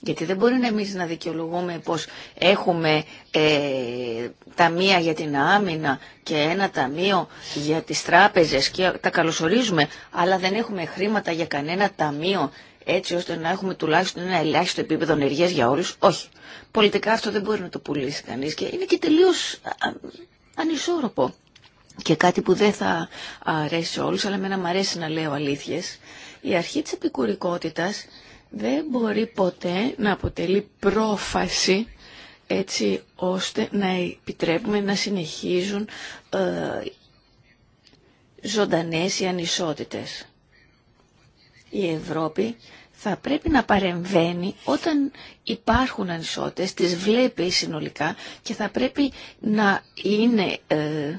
Γιατί δεν μπορεί εμείς να δικαιολογούμε πως έχουμε ε, ταμεία για την άμυνα και ένα ταμείο για τις τράπεζες και τα καλωσορίζουμε, αλλά δεν έχουμε χρήματα για κανένα ταμείο έτσι ώστε να έχουμε τουλάχιστον ένα ελάχιστο επίπεδο ενεργεία για όλους. Όχι. Πολιτικά αυτό δεν μπορεί να το πουλήσει κανείς και είναι και τελείως ανισόρροπο. Και κάτι που δεν θα αρέσει σε όλους, αλλά εμένα μου αρέσει να λέω αλήθειε, Η αρχή της επικουρικότητα δεν μπορεί ποτέ να αποτελεί πρόφαση έτσι ώστε να επιτρέπουμε να συνεχίζουν ε, ζωντανές οι ανισότητες η Ευρώπη θα πρέπει να παρεμβαίνει όταν υπάρχουν ανισότητες, τις βλέπει συνολικά και θα πρέπει να είναι ε,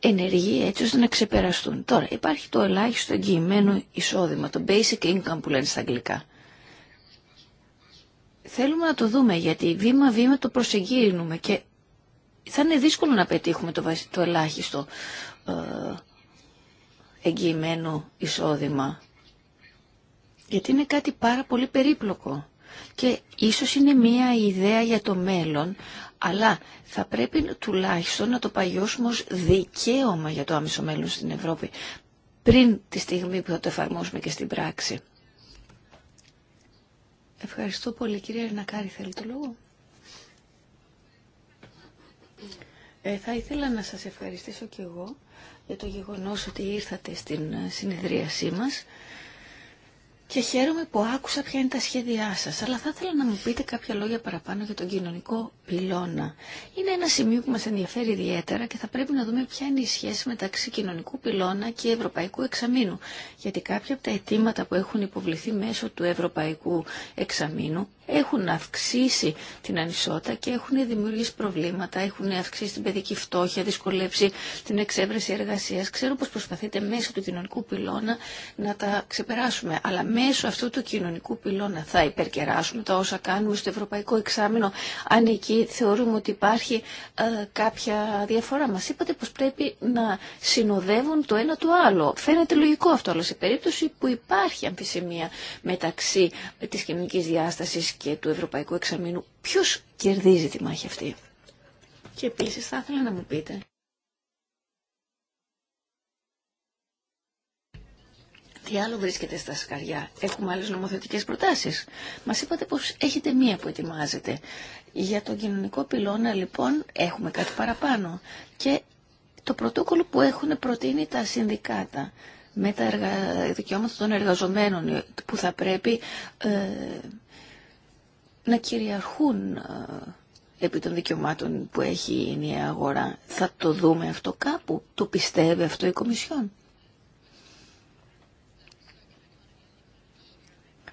ενεργή έτσι ώστε να ξεπεραστούν. Τώρα υπάρχει το ελάχιστο εγγυημένο εισόδημα, το basic income που λένε στα αγγλικά. Θέλουμε να το δούμε γιατί βήμα-βήμα το προσεγγύρινουμε και θα είναι δύσκολο να πετύχουμε το, το ελάχιστο ε, εγγυημένο εισόδημα γιατί είναι κάτι πάρα πολύ περίπλοκο. Και ίσως είναι μία ιδέα για το μέλλον, αλλά θα πρέπει τουλάχιστον να το παγιώσουμε ως δικαίωμα για το άμεσο μέλλον στην Ευρώπη, πριν τη στιγμή που θα το εφαρμόσουμε και στην πράξη. Ευχαριστώ πολύ. Κυρία Ρινακάρη. θέλει το λόγο. Ε, θα ήθελα να σας ευχαριστήσω και εγώ για το γεγονός ότι ήρθατε στην συνεδρίασή μας και χαίρομαι που άκουσα ποια είναι τα σχέδιά σας. Αλλά θα ήθελα να μου πείτε κάποια λόγια παραπάνω για τον κοινωνικό πυλώνα. Είναι ένα σημείο που μας ενδιαφέρει ιδιαίτερα και θα πρέπει να δούμε ποια είναι η σχέση μεταξύ κοινωνικού πυλώνα και ευρωπαϊκού εξαμήνου. Γιατί κάποια από τα αιτήματα που έχουν υποβληθεί μέσω του ευρωπαϊκού εξαμήνου έχουν αυξήσει την ανισότητα και έχουν δημιουργήσει προβλήματα, έχουν αυξήσει την παιδική φτώχεια, δυσκολέψει την εξέβρεση εργασία. Ξέρω πω προσπαθείτε μέσω του κοινωνικού πυλώνα να τα ξεπεράσουμε, αλλά μέσω αυτού του κοινωνικού πυλώνα θα υπερκεράσουμε τα όσα κάνουμε στο Ευρωπαϊκό Εξάμεινο, αν εκεί θεωρούμε ότι υπάρχει ε, κάποια διαφορά. Μα είπατε πω πρέπει να συνοδεύουν το ένα το άλλο. Φαίνεται λογικό αυτό, αλλά σε περίπτωση που υπάρχει αμφισημία μεταξύ τη κοινωνική διάσταση και του Ευρωπαϊκού Εξαμήνου. ποιο κερδίζει τη μάχη αυτή. Και επίση θα ήθελα να μου πείτε Τι άλλο βρίσκεται στα σκαριά. Έχουμε άλλες νομοθετικέ προτάσεις. Μας είπατε πως έχετε μία που ετοιμάζετε. Για τον κοινωνικό πυλώνα λοιπόν έχουμε κάτι παραπάνω. Και το πρωτόκολλο που έχουν προτείνει τα συνδικάτα με τα δικαιώματα των εργαζομένων ε, που θα πρέπει ε, να κυριαρχούν ε, επί των δικαιωμάτων που έχει η νέα αγορά. Θα το δούμε αυτό κάπου. Το πιστεύει αυτό η Κομισιόν.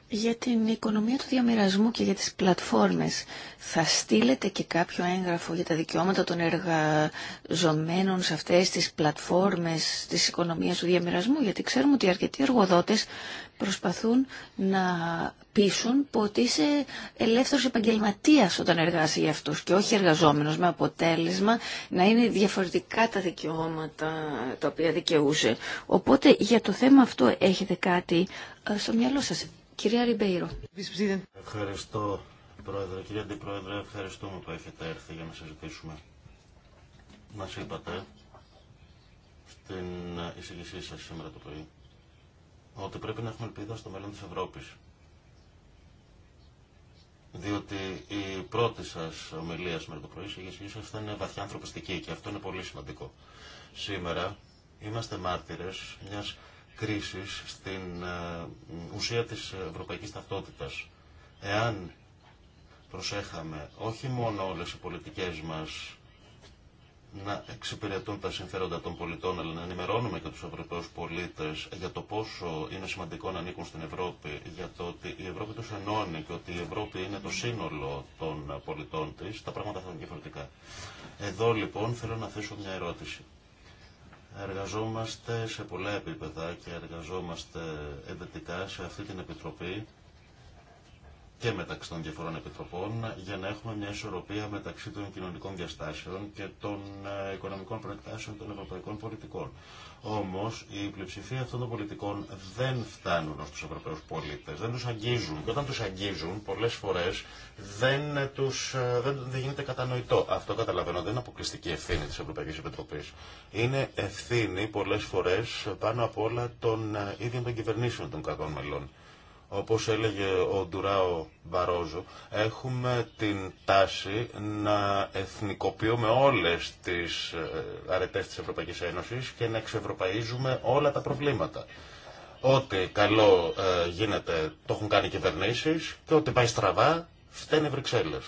Για την οικονομία του διαμοιρασμού και για τις πλατφόρμες, θα στείλετε και κάποιο έγγραφο για τα δικαιώματα των εργαζομένων σε αυτές τις πλατφόρμες της οικονομίας του διαμοιρασμού γιατί ξέρουμε ότι αρκετοί εργοδότες προσπαθούν να πείσουν που ότι είσαι ελεύθερος επαγγελματίας όταν εργάσαι για αυτούς και όχι εργαζόμενος με αποτέλεσμα να είναι διαφορετικά τα δικαιώματα τα οποία δικαιούσε. Οπότε για το θέμα αυτό έχετε κάτι ε, στο μυαλό σας. Κυρία Ριμπέιρο. Ευχαριστώ, Πρόεδρε. Κυρία Αντιπρόεδρε, ευχαριστούμε που έχετε έρθει για να συζητήσουμε. Μας είπατε στην εισηγησία σας σήμερα το πρωί ότι πρέπει να έχουμε ελπίδα στο μέλλον της Ευρώπης. Διότι η πρώτη σα ομιλία σήμερα το πρωί, η εισηγησία σα ήταν βαθιά ανθρωπιστική και αυτό είναι πολύ σημαντικό. Σήμερα είμαστε μάρτυρε μια κρίσης στην ε, ουσία της ευρωπαϊκής ταυτότητας. Εάν προσέχαμε όχι μόνο όλες οι πολιτικές μας να εξυπηρετούν τα συμφέροντα των πολιτών, αλλά να ενημερώνουμε και τους Ευρωπαίους πολίτες για το πόσο είναι σημαντικό να ανήκουν στην Ευρώπη, για το ότι η Ευρώπη τους ενώνει και ότι η Ευρώπη είναι το σύνολο των πολιτών της, τα πράγματα θα είναι διαφορετικά. Εδώ λοιπόν θέλω να θέσω μια ερώτηση. Εργαζόμαστε σε πολλά επίπεδα και εργαζόμαστε εντατικά σε αυτή την Επιτροπή και μεταξύ των διαφορών επιτροπών για να έχουμε μια ισορροπία μεταξύ των κοινωνικών διαστάσεων και των ε, οικονομικών προεκτάσεων των ευρωπαϊκών πολιτικών. Όμω η πλειοψηφία αυτών των πολιτικών δεν φτάνουν στου Ευρωπαίου πολίτε, δεν του αγγίζουν. Και όταν του αγγίζουν, πολλέ φορέ δεν, τους, ε, δεν, δεν γίνεται κατανοητό. Αυτό καταλαβαίνω δεν είναι αποκλειστική ευθύνη τη Ευρωπαϊκή Επιτροπή. Είναι ευθύνη πολλέ φορέ πάνω απ' όλα των ε, ίδιων των κυβερνήσεων των κρατών μελών όπως έλεγε ο Ντουράο Μπαρόζο, έχουμε την τάση να εθνικοποιούμε όλες τις ε, αρετές της Ευρωπαϊκής Ένωσης και να εξευρωπαίζουμε όλα τα προβλήματα. Ό,τι καλό ε, γίνεται το έχουν κάνει οι κυβερνήσεις και ό,τι πάει στραβά φταίνε Βρυξέλλες.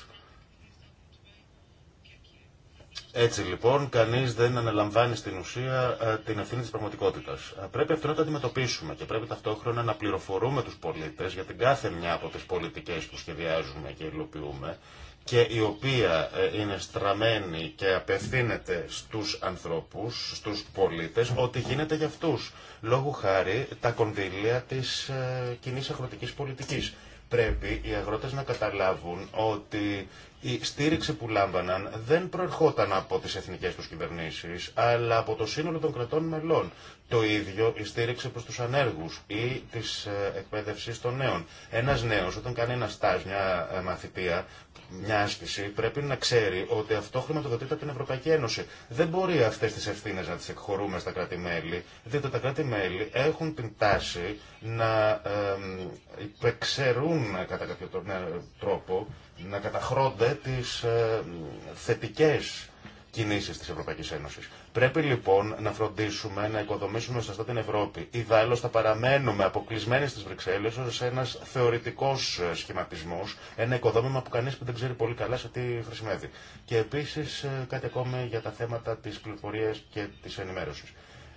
Έτσι λοιπόν, κανεί δεν αναλαμβάνει στην ουσία ε, την ευθύνη τη πραγματικότητα. Ε, πρέπει αυτό να το αντιμετωπίσουμε και πρέπει ταυτόχρονα να πληροφορούμε του πολίτε για την κάθε μια από τι πολιτικέ που σχεδιάζουμε και υλοποιούμε και η οποία ε, είναι στραμμένη και απευθύνεται στους ανθρώπους, στους πολίτες, ότι γίνεται για αυτούς. Λόγου χάρη τα κονδύλια της κοινή αγροτικής πολιτικής. Πρέπει οι αγρότες να καταλάβουν ότι η στήριξη που λάμβαναν δεν προερχόταν από τις εθνικές τους κυβερνήσεις, αλλά από το σύνολο των κρατών μελών. Το ίδιο η στήριξη προς τους ανέργους ή της ε, εκπαίδευσης των νέων. Ένας νέος όταν κάνει ένα στάζ, μια ε, μαθητεία, μια άσκηση, πρέπει να ξέρει ότι αυτό χρηματοδοτείται από την Ευρωπαϊκή Ένωση. Δεν μπορεί αυτέ τι ευθύνε να τι εκχωρούμε στα κράτη-μέλη, διότι τα κράτη-μέλη έχουν την τάση να ε, υπεξαιρούν κατά κάποιο τρόπο, να καταχρώνται τι θετικέ κινήσει τη Ευρωπαϊκή Ένωση. Πρέπει λοιπόν να φροντίσουμε να οικοδομήσουμε σωστά την Ευρώπη. Ιδάλω θα παραμένουμε αποκλεισμένοι στι Βρυξέλλε ω ένα θεωρητικό ε, σχηματισμό, ένα οικοδόμημα που κανεί δεν ξέρει πολύ καλά σε τι χρησιμεύει. Και επίση ε, κάτι ακόμη για τα θέματα τη πληροφορία και τη ενημέρωση.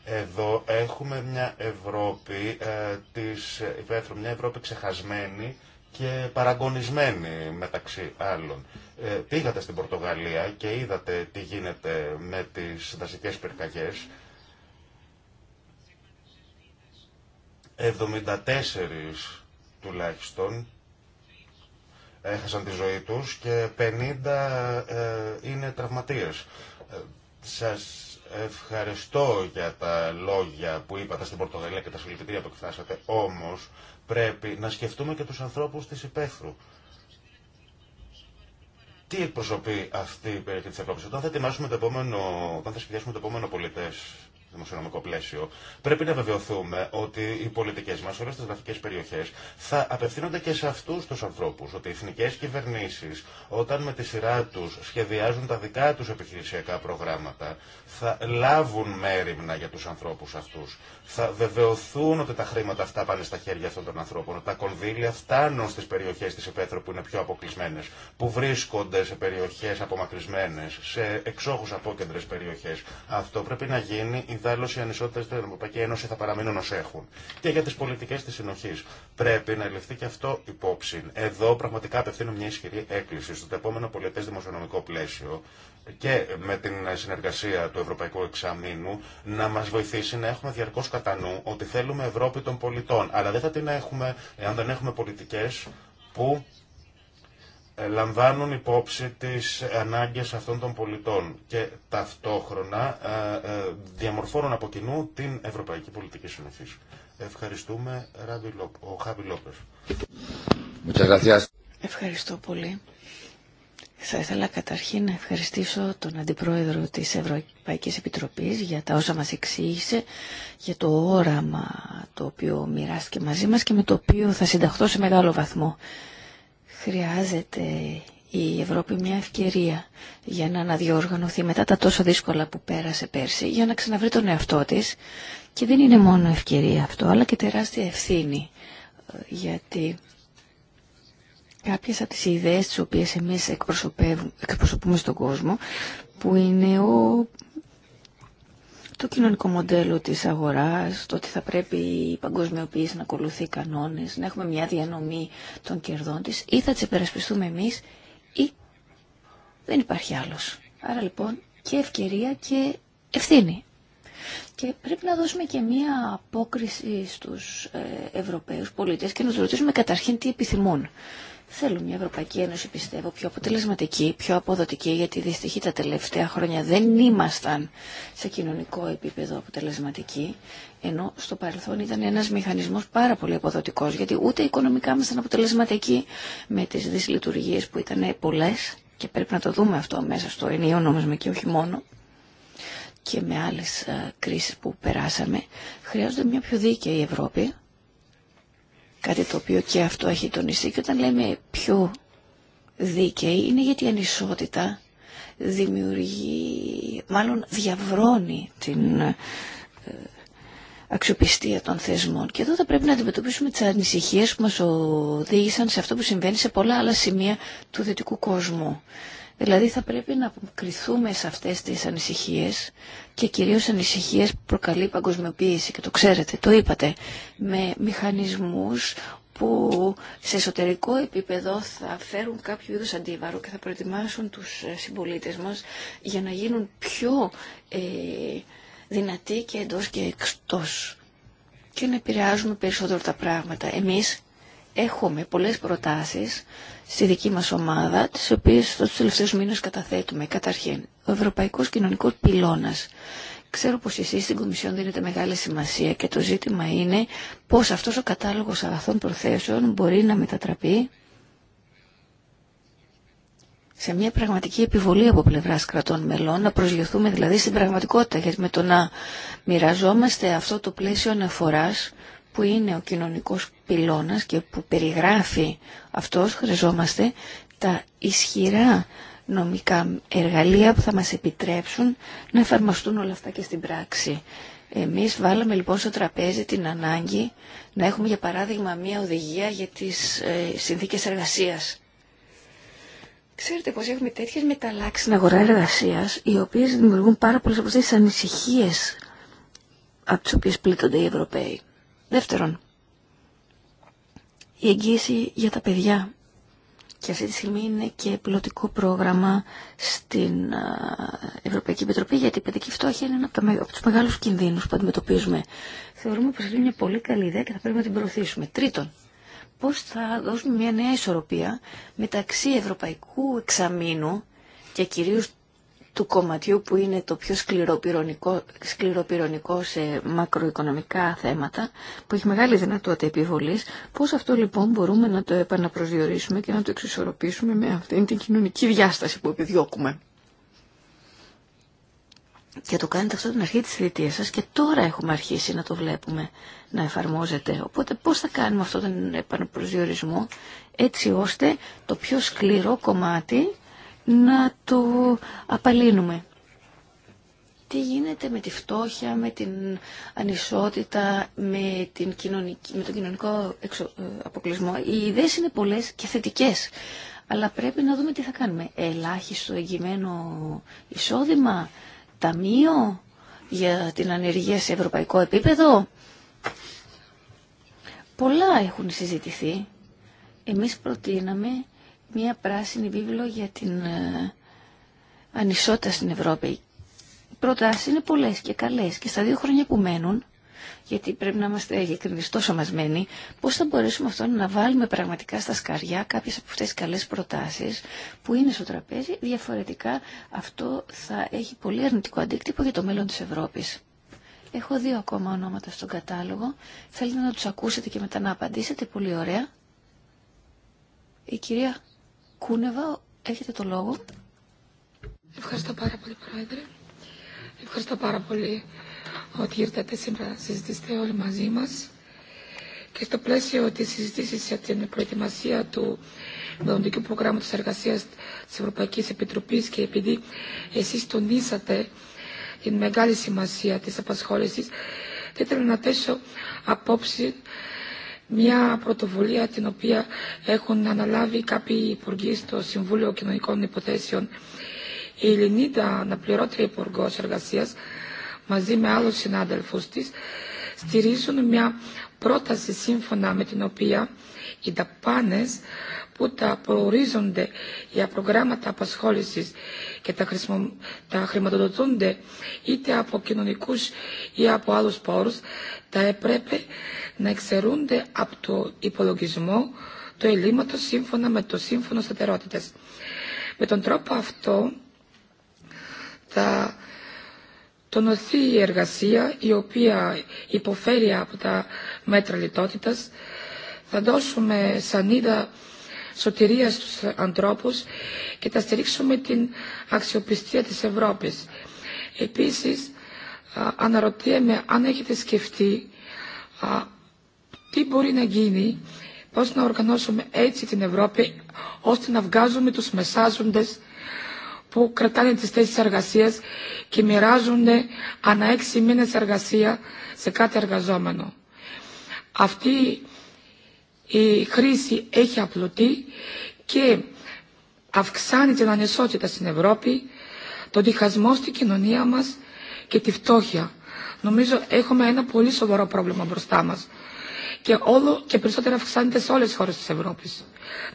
Εδώ έχουμε μια Ευρώπη ε, μια Ευρώπη ξεχασμένη και παραγωνισμένη μεταξύ άλλων. Ε, πήγατε στην Πορτογαλία και είδατε τι γίνεται με τις δασικές πυρκαγιές. 74 τουλάχιστον έχασαν τη ζωή τους και 50 ε, είναι τραυματίες. Ε, σας ευχαριστώ για τα λόγια που είπατε στην Πορτογαλία και τα συλληπιτήρια που εκφράσατε, όμως πρέπει να σκεφτούμε και τους ανθρώπους της υπαίθρου τι εκπροσωπεί αυτή η περιοχή τη Ευρώπη. Όταν θα ετοιμάσουμε το επόμενο, όταν θα σχεδιάσουμε το επόμενο πολιτέ δημοσιονομικό πλαίσιο, πρέπει να βεβαιωθούμε ότι οι πολιτικέ μα, όλε τι γραφικέ περιοχέ, θα απευθύνονται και σε αυτού του ανθρώπου. Ότι οι εθνικέ κυβερνήσει, όταν με τη σειρά του σχεδιάζουν τα δικά του επιχειρησιακά προγράμματα, θα λάβουν μέρημνα για του ανθρώπου αυτού. Θα βεβαιωθούν ότι τα χρήματα αυτά πάνε στα χέρια αυτών των ανθρώπων, ότι τα κονδύλια φτάνουν στι περιοχέ τη υπαίθρου που είναι πιο αποκλεισμένε, που βρίσκονται σε περιοχέ απομακρυσμένε, σε εξόχου απόκεντρε περιοχέ. Αυτό πρέπει να γίνει διδάλωση, οι ανισότητε στην Ευρωπαϊκή Ένωση θα παραμείνουν ω έχουν. Και για τι πολιτικέ τη συνοχή. Πρέπει να ληφθεί και αυτό υπόψη. Εδώ πραγματικά απευθύνω μια ισχυρή έκκληση στο επόμενο πολιτέ δημοσιονομικό πλαίσιο και με την συνεργασία του Ευρωπαϊκού Εξαμήνου να μα βοηθήσει να έχουμε διαρκώ κατά νου ότι θέλουμε Ευρώπη των πολιτών. Αλλά δεν θα την έχουμε εάν δεν έχουμε πολιτικέ που ε, λαμβάνουν υπόψη τις ανάγκες αυτών των πολιτών και ταυτόχρονα ε, ε, διαμορφώνουν από κοινού την Ευρωπαϊκή Πολιτική Συνοχή. Ευχαριστούμε, ο Χάβι Ευχαριστώ πολύ. Θα ήθελα καταρχήν να ευχαριστήσω τον Αντιπρόεδρο της Ευρωπαϊκής Επιτροπής για τα όσα μας εξήγησε, για το όραμα το οποίο μοιράστηκε μαζί μας και με το οποίο θα συνταχθώ σε μεγάλο βαθμό. Χρειάζεται η Ευρώπη μια ευκαιρία για να αναδιοργανωθεί μετά τα τόσο δύσκολα που πέρασε πέρσι, για να ξαναβρει τον εαυτό της. Και δεν είναι μόνο ευκαιρία αυτό, αλλά και τεράστια ευθύνη, ε, γιατί κάποιες από τις ιδέες τις οποίες εμείς εκπροσωπούμε στον κόσμο, που είναι ο το κοινωνικό μοντέλο της αγοράς, το ότι θα πρέπει η παγκοσμιοποίηση να ακολουθεί κανόνες, να έχουμε μια διανομή των κερδών της, ή θα τις υπερασπιστούμε εμείς ή δεν υπάρχει άλλος. Άρα λοιπόν και ευκαιρία και ευθύνη. Και πρέπει να δώσουμε και μία απόκριση στους ε, Ευρωπαίους πολίτες και να τους ρωτήσουμε καταρχήν τι επιθυμούν. Θέλω μια Ευρωπαϊκή Ένωση, πιστεύω, πιο αποτελεσματική, πιο αποδοτική, γιατί δυστυχή τα τελευταία χρόνια δεν ήμασταν σε κοινωνικό επίπεδο αποτελεσματικοί, ενώ στο παρελθόν ήταν ένας μηχανισμός πάρα πολύ αποδοτικός, γιατί ούτε οικονομικά ήμασταν αποτελεσματικοί με τις δυσλειτουργίες που ήταν πολλές και πρέπει να το δούμε αυτό μέσα στο ενίο νόμισμα και όχι μόνο και με άλλες ε, κρίσεις που περάσαμε, χρειάζονται μια πιο δίκαιη Ευρώπη, Κάτι το οποίο και αυτό έχει τονιστεί και όταν λέμε πιο δίκαιη είναι γιατί η ανισότητα δημιουργεί, μάλλον διαβρώνει την ε, αξιοπιστία των θεσμών. Και εδώ θα πρέπει να αντιμετωπίσουμε τις ανησυχίες που μας οδήγησαν σε αυτό που συμβαίνει σε πολλά άλλα σημεία του δυτικού κόσμου. Δηλαδή θα πρέπει να αποκριθούμε σε αυτές τις ανησυχίες και κυρίως ανησυχίες που προκαλεί παγκοσμιοποίηση και το ξέρετε, το είπατε, με μηχανισμούς που σε εσωτερικό επίπεδο θα φέρουν κάποιο είδους αντίβαρο και θα προετοιμάσουν τους ε, συμπολίτες μας για να γίνουν πιο ε, δυνατοί και εντός και εκτός και να επηρεάζουμε περισσότερο τα πράγματα. Εμείς έχουμε πολλές προτάσεις στη δική μας ομάδα, τις οποίες στους τελευταίους μήνες καταθέτουμε. Καταρχήν, ο Ευρωπαϊκός Κοινωνικός Πυλώνας. Ξέρω πως εσείς στην Κομισιόν δίνετε μεγάλη σημασία και το ζήτημα είναι πώς αυτός ο κατάλογος αγαθών προθέσεων μπορεί να μετατραπεί σε μια πραγματική επιβολή από πλευρά κρατών μελών, να προσγειωθούμε δηλαδή στην πραγματικότητα, γιατί με το να μοιραζόμαστε αυτό το πλαίσιο αναφοράς που είναι ο κοινωνικός πυλώνας και που περιγράφει αυτός, χρειαζόμαστε τα ισχυρά νομικά εργαλεία που θα μας επιτρέψουν να εφαρμοστούν όλα αυτά και στην πράξη. Εμείς βάλαμε λοιπόν στο τραπέζι την ανάγκη να έχουμε για παράδειγμα μία οδηγία για τις ε, συνθήκες εργασίας. Ξέρετε πως έχουμε τέτοιες μεταλλάξεις στην αγορά εργασίας οι οποίες δημιουργούν πάρα πολλές από αυτές τις ανησυχίες από τις οποίες πλήττονται οι Ευρωπαίοι. Δεύτερον, η εγγύηση για τα παιδιά. Και αυτή τη στιγμή είναι και πιλωτικό πρόγραμμα στην Ευρωπαϊκή Επιτροπή, γιατί η παιδική φτώχεια είναι ένα από του μεγάλου κινδύνου που αντιμετωπίζουμε. Θεωρούμε πω είναι μια πολύ καλή ιδέα και θα πρέπει να την προωθήσουμε. Τρίτον, πώ θα δώσουμε μια νέα ισορροπία μεταξύ Ευρωπαϊκού Εξαμήνου και κυρίω του κομματιού που είναι το πιο σκληροπυρονικό, σκληροπυρονικό σε μακροοικονομικά θέματα, που έχει μεγάλη δυνατότητα επιβολής, πώς αυτό λοιπόν μπορούμε να το επαναπροσδιορίσουμε και να το εξισορροπήσουμε με αυτήν την κοινωνική διάσταση που επιδιώκουμε. Και το κάνετε αυτό την αρχή της θητείας σας και τώρα έχουμε αρχίσει να το βλέπουμε να εφαρμόζεται. Οπότε πώς θα κάνουμε αυτόν τον επαναπροσδιορισμό έτσι ώστε το πιο σκληρό κομμάτι να το απαλύνουμε. Τι γίνεται με τη φτώχεια, με την ανισότητα, με, την με τον κοινωνικό ε, αποκλεισμό. Οι ιδέες είναι πολλές και θετικές. Αλλά πρέπει να δούμε τι θα κάνουμε. Ελάχιστο εγγυημένο εισόδημα, ταμείο για την ανεργία σε ευρωπαϊκό επίπεδο. Πολλά έχουν συζητηθεί. Εμείς προτείναμε μία πράσινη βίβλο για την ε, ανισότητα στην Ευρώπη. Οι προτάσει είναι πολλέ και καλέ. και στα δύο χρόνια που μένουν, γιατί πρέπει να είμαστε ειλικρινεί, τόσο μαζμένοι, πώς θα μπορέσουμε αυτό να βάλουμε πραγματικά στα σκαριά κάποιε από αυτέ τι καλές προτάσεις που είναι στο τραπέζι, διαφορετικά αυτό θα έχει πολύ αρνητικό αντίκτυπο για το μέλλον τη Ευρώπη. Έχω δύο ακόμα ονόματα στον κατάλογο. Θέλετε να του ακούσετε και μετά να απαντήσετε. Πολύ ωραία. Η κυρία Κούνεβα, έχετε το λόγο. Ευχαριστώ πάρα πολύ, Πρόεδρε. Ευχαριστώ πάρα πολύ ότι ήρθατε σήμερα να συζητήσετε όλοι μαζί μας. Και στο πλαίσιο της συζήτησης για την προετοιμασία του Μελλοντικού Προγράμματος Εργασίας της Ευρωπαϊκή Επιτροπής και επειδή εσείς τονίσατε την μεγάλη σημασία της απασχόλησης, θα ήθελα να θέσω απόψη μια πρωτοβουλία την οποία έχουν αναλάβει κάποιοι υπουργοί στο Συμβούλιο Κοινωνικών Υποθέσεων. Η Ελληνίδα αναπληρώτρια υπουργό εργασία μαζί με άλλου συνάδελφου τη στηρίζουν μια πρόταση σύμφωνα με την οποία οι δαπάνες που τα προορίζονται για προγράμματα απασχόλησης και τα, τα χρηματοδοτούνται είτε από κοινωνικούς ή από άλλους πόρους θα έπρεπε να εξαιρούνται από το υπολογισμό του ελλείμματος σύμφωνα με το σύμφωνο σταθερότητας. Με τον τρόπο αυτό θα τονωθεί η εργασία η οποία υποφέρει από τα μέτρα λιτότητας, θα δώσουμε σανίδα σωτηρία στους ανθρώπους και θα στηρίξουμε την αξιοπιστία της Ευρώπης. Επίσης, αναρωτιέμαι αν έχετε σκεφτεί τι μπορεί να γίνει, πώς να οργανώσουμε έτσι την Ευρώπη, ώστε να βγάζουμε τους μεσάζοντες που κρατάνε τις θέσεις εργασίας και μοιράζονται ανά έξι μήνες εργασία σε κάθε εργαζόμενο. Αυτή η χρήση έχει απλωθεί και αυξάνει την ανισότητα στην Ευρώπη, τον διχασμό στην κοινωνία μας και τη φτώχεια. Νομίζω έχουμε ένα πολύ σοβαρό πρόβλημα μπροστά μας και όλο και περισσότερο αυξάνεται σε όλες τις χώρες της Ευρώπης.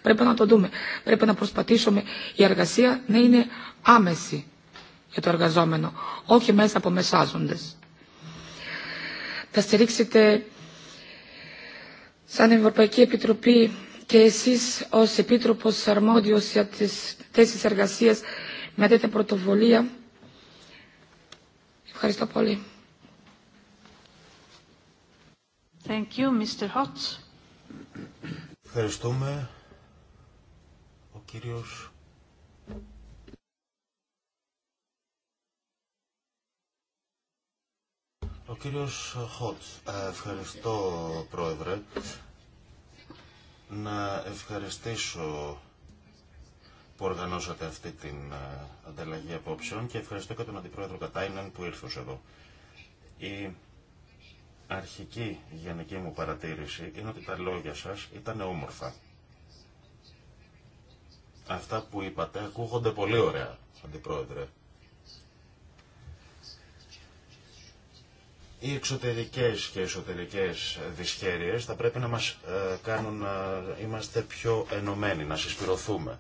Πρέπει να το δούμε. Πρέπει να προσπαθήσουμε η εργασία να είναι άμεση για το εργαζόμενο, όχι μέσα από μεσάζοντες. Θα στηρίξετε σαν Ευρωπαϊκή Επιτροπή και εσείς ως Επίτροπος Αρμόδιος για τις θέσεις εργασίας με τέτοια πρωτοβουλία. Ευχαριστώ πολύ. Ευχαριστούμε. Ο κύριος... Ο κύριος Χότς. Ε, ευχαριστώ, Πρόεδρε. Να ευχαριστήσω που οργανώσατε αυτή την ε, ανταλλαγή απόψεων και ευχαριστώ και τον Αντιπρόεδρο Κατάινεν που ήρθε εδώ. Η αρχική γενική μου παρατήρηση είναι ότι τα λόγια σας ήταν όμορφα. Αυτά που είπατε ακούγονται πολύ ωραία, Αντιπρόεδρε. Οι εξωτερικές και εσωτερικές δυσχέρειες θα πρέπει να μας ε, κάνουν να είμαστε πιο ενωμένοι, να συσπηρωθούμε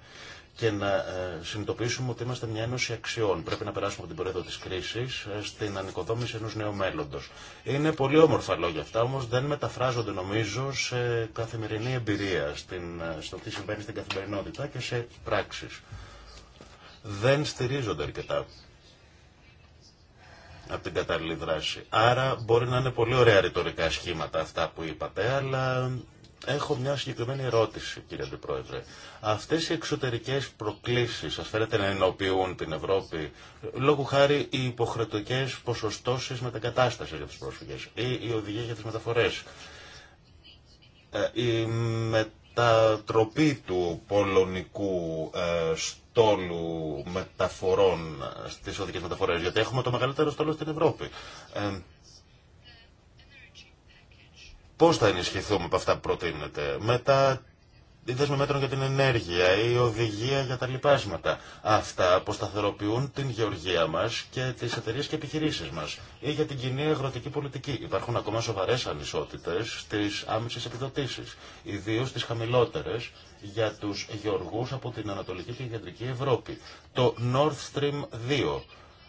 και να ε, συνειδητοποιήσουμε ότι είμαστε μια ένωση αξιών. Πρέπει να περάσουμε από την περίοδο τη κρίση ε, στην ανοικοδόμηση ενό νέου μέλλοντο. Είναι πολύ όμορφα λόγια αυτά, όμω δεν μεταφράζονται νομίζω σε καθημερινή εμπειρία, στην, ε, στο τι συμβαίνει στην καθημερινότητα και σε πράξει. Δεν στηρίζονται αρκετά από την κατάλληλη δράση. Άρα μπορεί να είναι πολύ ωραία ρητορικά σχήματα αυτά που είπατε, αλλά Έχω μια συγκεκριμένη ερώτηση, κύριε Αντιπρόεδρε. Αυτές οι εξωτερικές προκλήσεις σας φέρετε να ενοποιούν την Ευρώπη, λόγω χάρη οι υποχρεωτικές ποσοστώσεις μετακατάστασης για τις πρόσφυγες ή οι οδηγίες για τις μεταφορές. Ε, η μετατροπή του πολωνικού ε, στόλου μεταφορών στις οδικές μεταφορές, γιατί έχουμε το μεγαλύτερο στόλο στην Ευρώπη. Ε, Πώς θα ενισχυθούμε από αυτά που προτείνεται. Μετά οι με μέτρων για την ενέργεια, η οδηγία για τα λοιπάσματα. Αυτά αποσταθεροποιούν την γεωργία μα και τι εταιρείε και επιχειρήσει μα. Ή για την κοινή αγροτική πολιτική. Υπάρχουν ακόμα σοβαρέ ανισότητε στι άμεσε επιδοτήσει. Ιδίω τι χαμηλότερε για του γεωργού από την Ανατολική και Κεντρική Ευρώπη. Το Nord Stream 2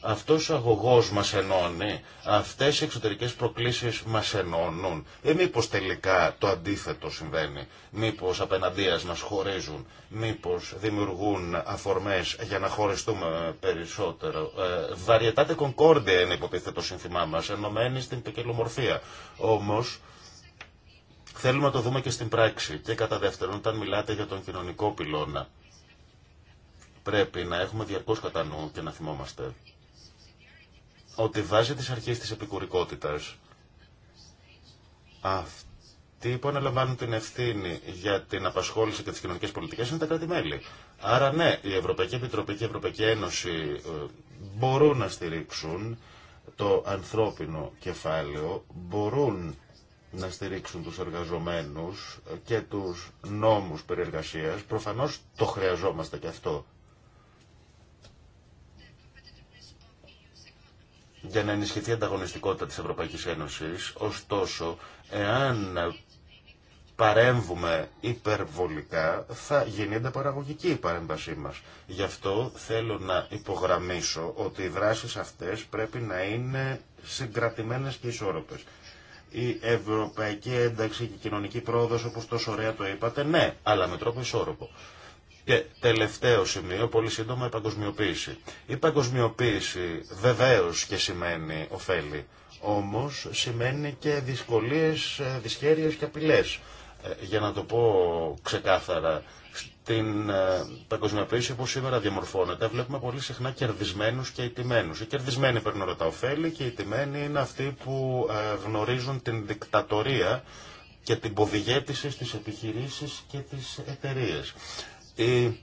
αυτός ο αγωγός μας ενώνει, αυτές οι εξωτερικές προκλήσεις μας ενώνουν. Ή ε, μήπως τελικά το αντίθετο συμβαίνει, μήπως απέναντίας μας χωρίζουν, μήπως δημιουργούν αφορμές για να χωριστούμε περισσότερο. Ε, Βαριετάτε κονκόρντια είναι υποτίθεται το σύνθημά μας, ενωμένη στην ποικιλομορφία. Όμως, Θέλουμε να το δούμε και στην πράξη. Και κατά δεύτερον, όταν μιλάτε για τον κοινωνικό πυλώνα, πρέπει να έχουμε διαρκώς κατά νου και να θυμόμαστε ότι βάζει τις αρχές της επικουρικότητας αυτοί που αναλαμβάνουν την ευθύνη για την απασχόληση και τις κοινωνικές πολιτικές είναι τα κράτη-μέλη. Άρα ναι, η Ευρωπαϊκή Επιτροπή και η Ευρωπαϊκή Ένωση ε, μπορούν να στηρίξουν το ανθρώπινο κεφάλαιο, μπορούν να στηρίξουν τους εργαζομένους και τους νόμους περιεργασίας. Προφανώς το χρειαζόμαστε και αυτό για να ενισχυθεί η ανταγωνιστικότητα της Ευρωπαϊκής Ένωσης. Ωστόσο, εάν παρέμβουμε υπερβολικά, θα γίνει ανταπαραγωγική η παρέμβασή μας. Γι' αυτό θέλω να υπογραμμίσω ότι οι δράσεις αυτές πρέπει να είναι συγκρατημένες και ισόρροπες. Η ευρωπαϊκή ένταξη και η κοινωνική πρόοδος, όπως τόσο ωραία το είπατε, ναι, αλλά με τρόπο ισόρροπο. Και τελευταίο σημείο, πολύ σύντομα, η παγκοσμιοποίηση. Η παγκοσμιοποίηση βεβαίω και σημαίνει ωφέλη, όμω σημαίνει και δυσκολίε, δυσχέρειε και απειλέ. Ε, για να το πω ξεκάθαρα, στην ε, παγκοσμιοποίηση που σήμερα διαμορφώνεται, βλέπουμε πολύ συχνά κερδισμένου και ιτημένου. Οι κερδισμένοι παίρνουν όλα τα ωφέλη και οι ιτημένοι είναι αυτοί που ε, γνωρίζουν την δικτατορία και την ποδηγέτηση στις επιχειρήσεις και τις εταιρείε. Η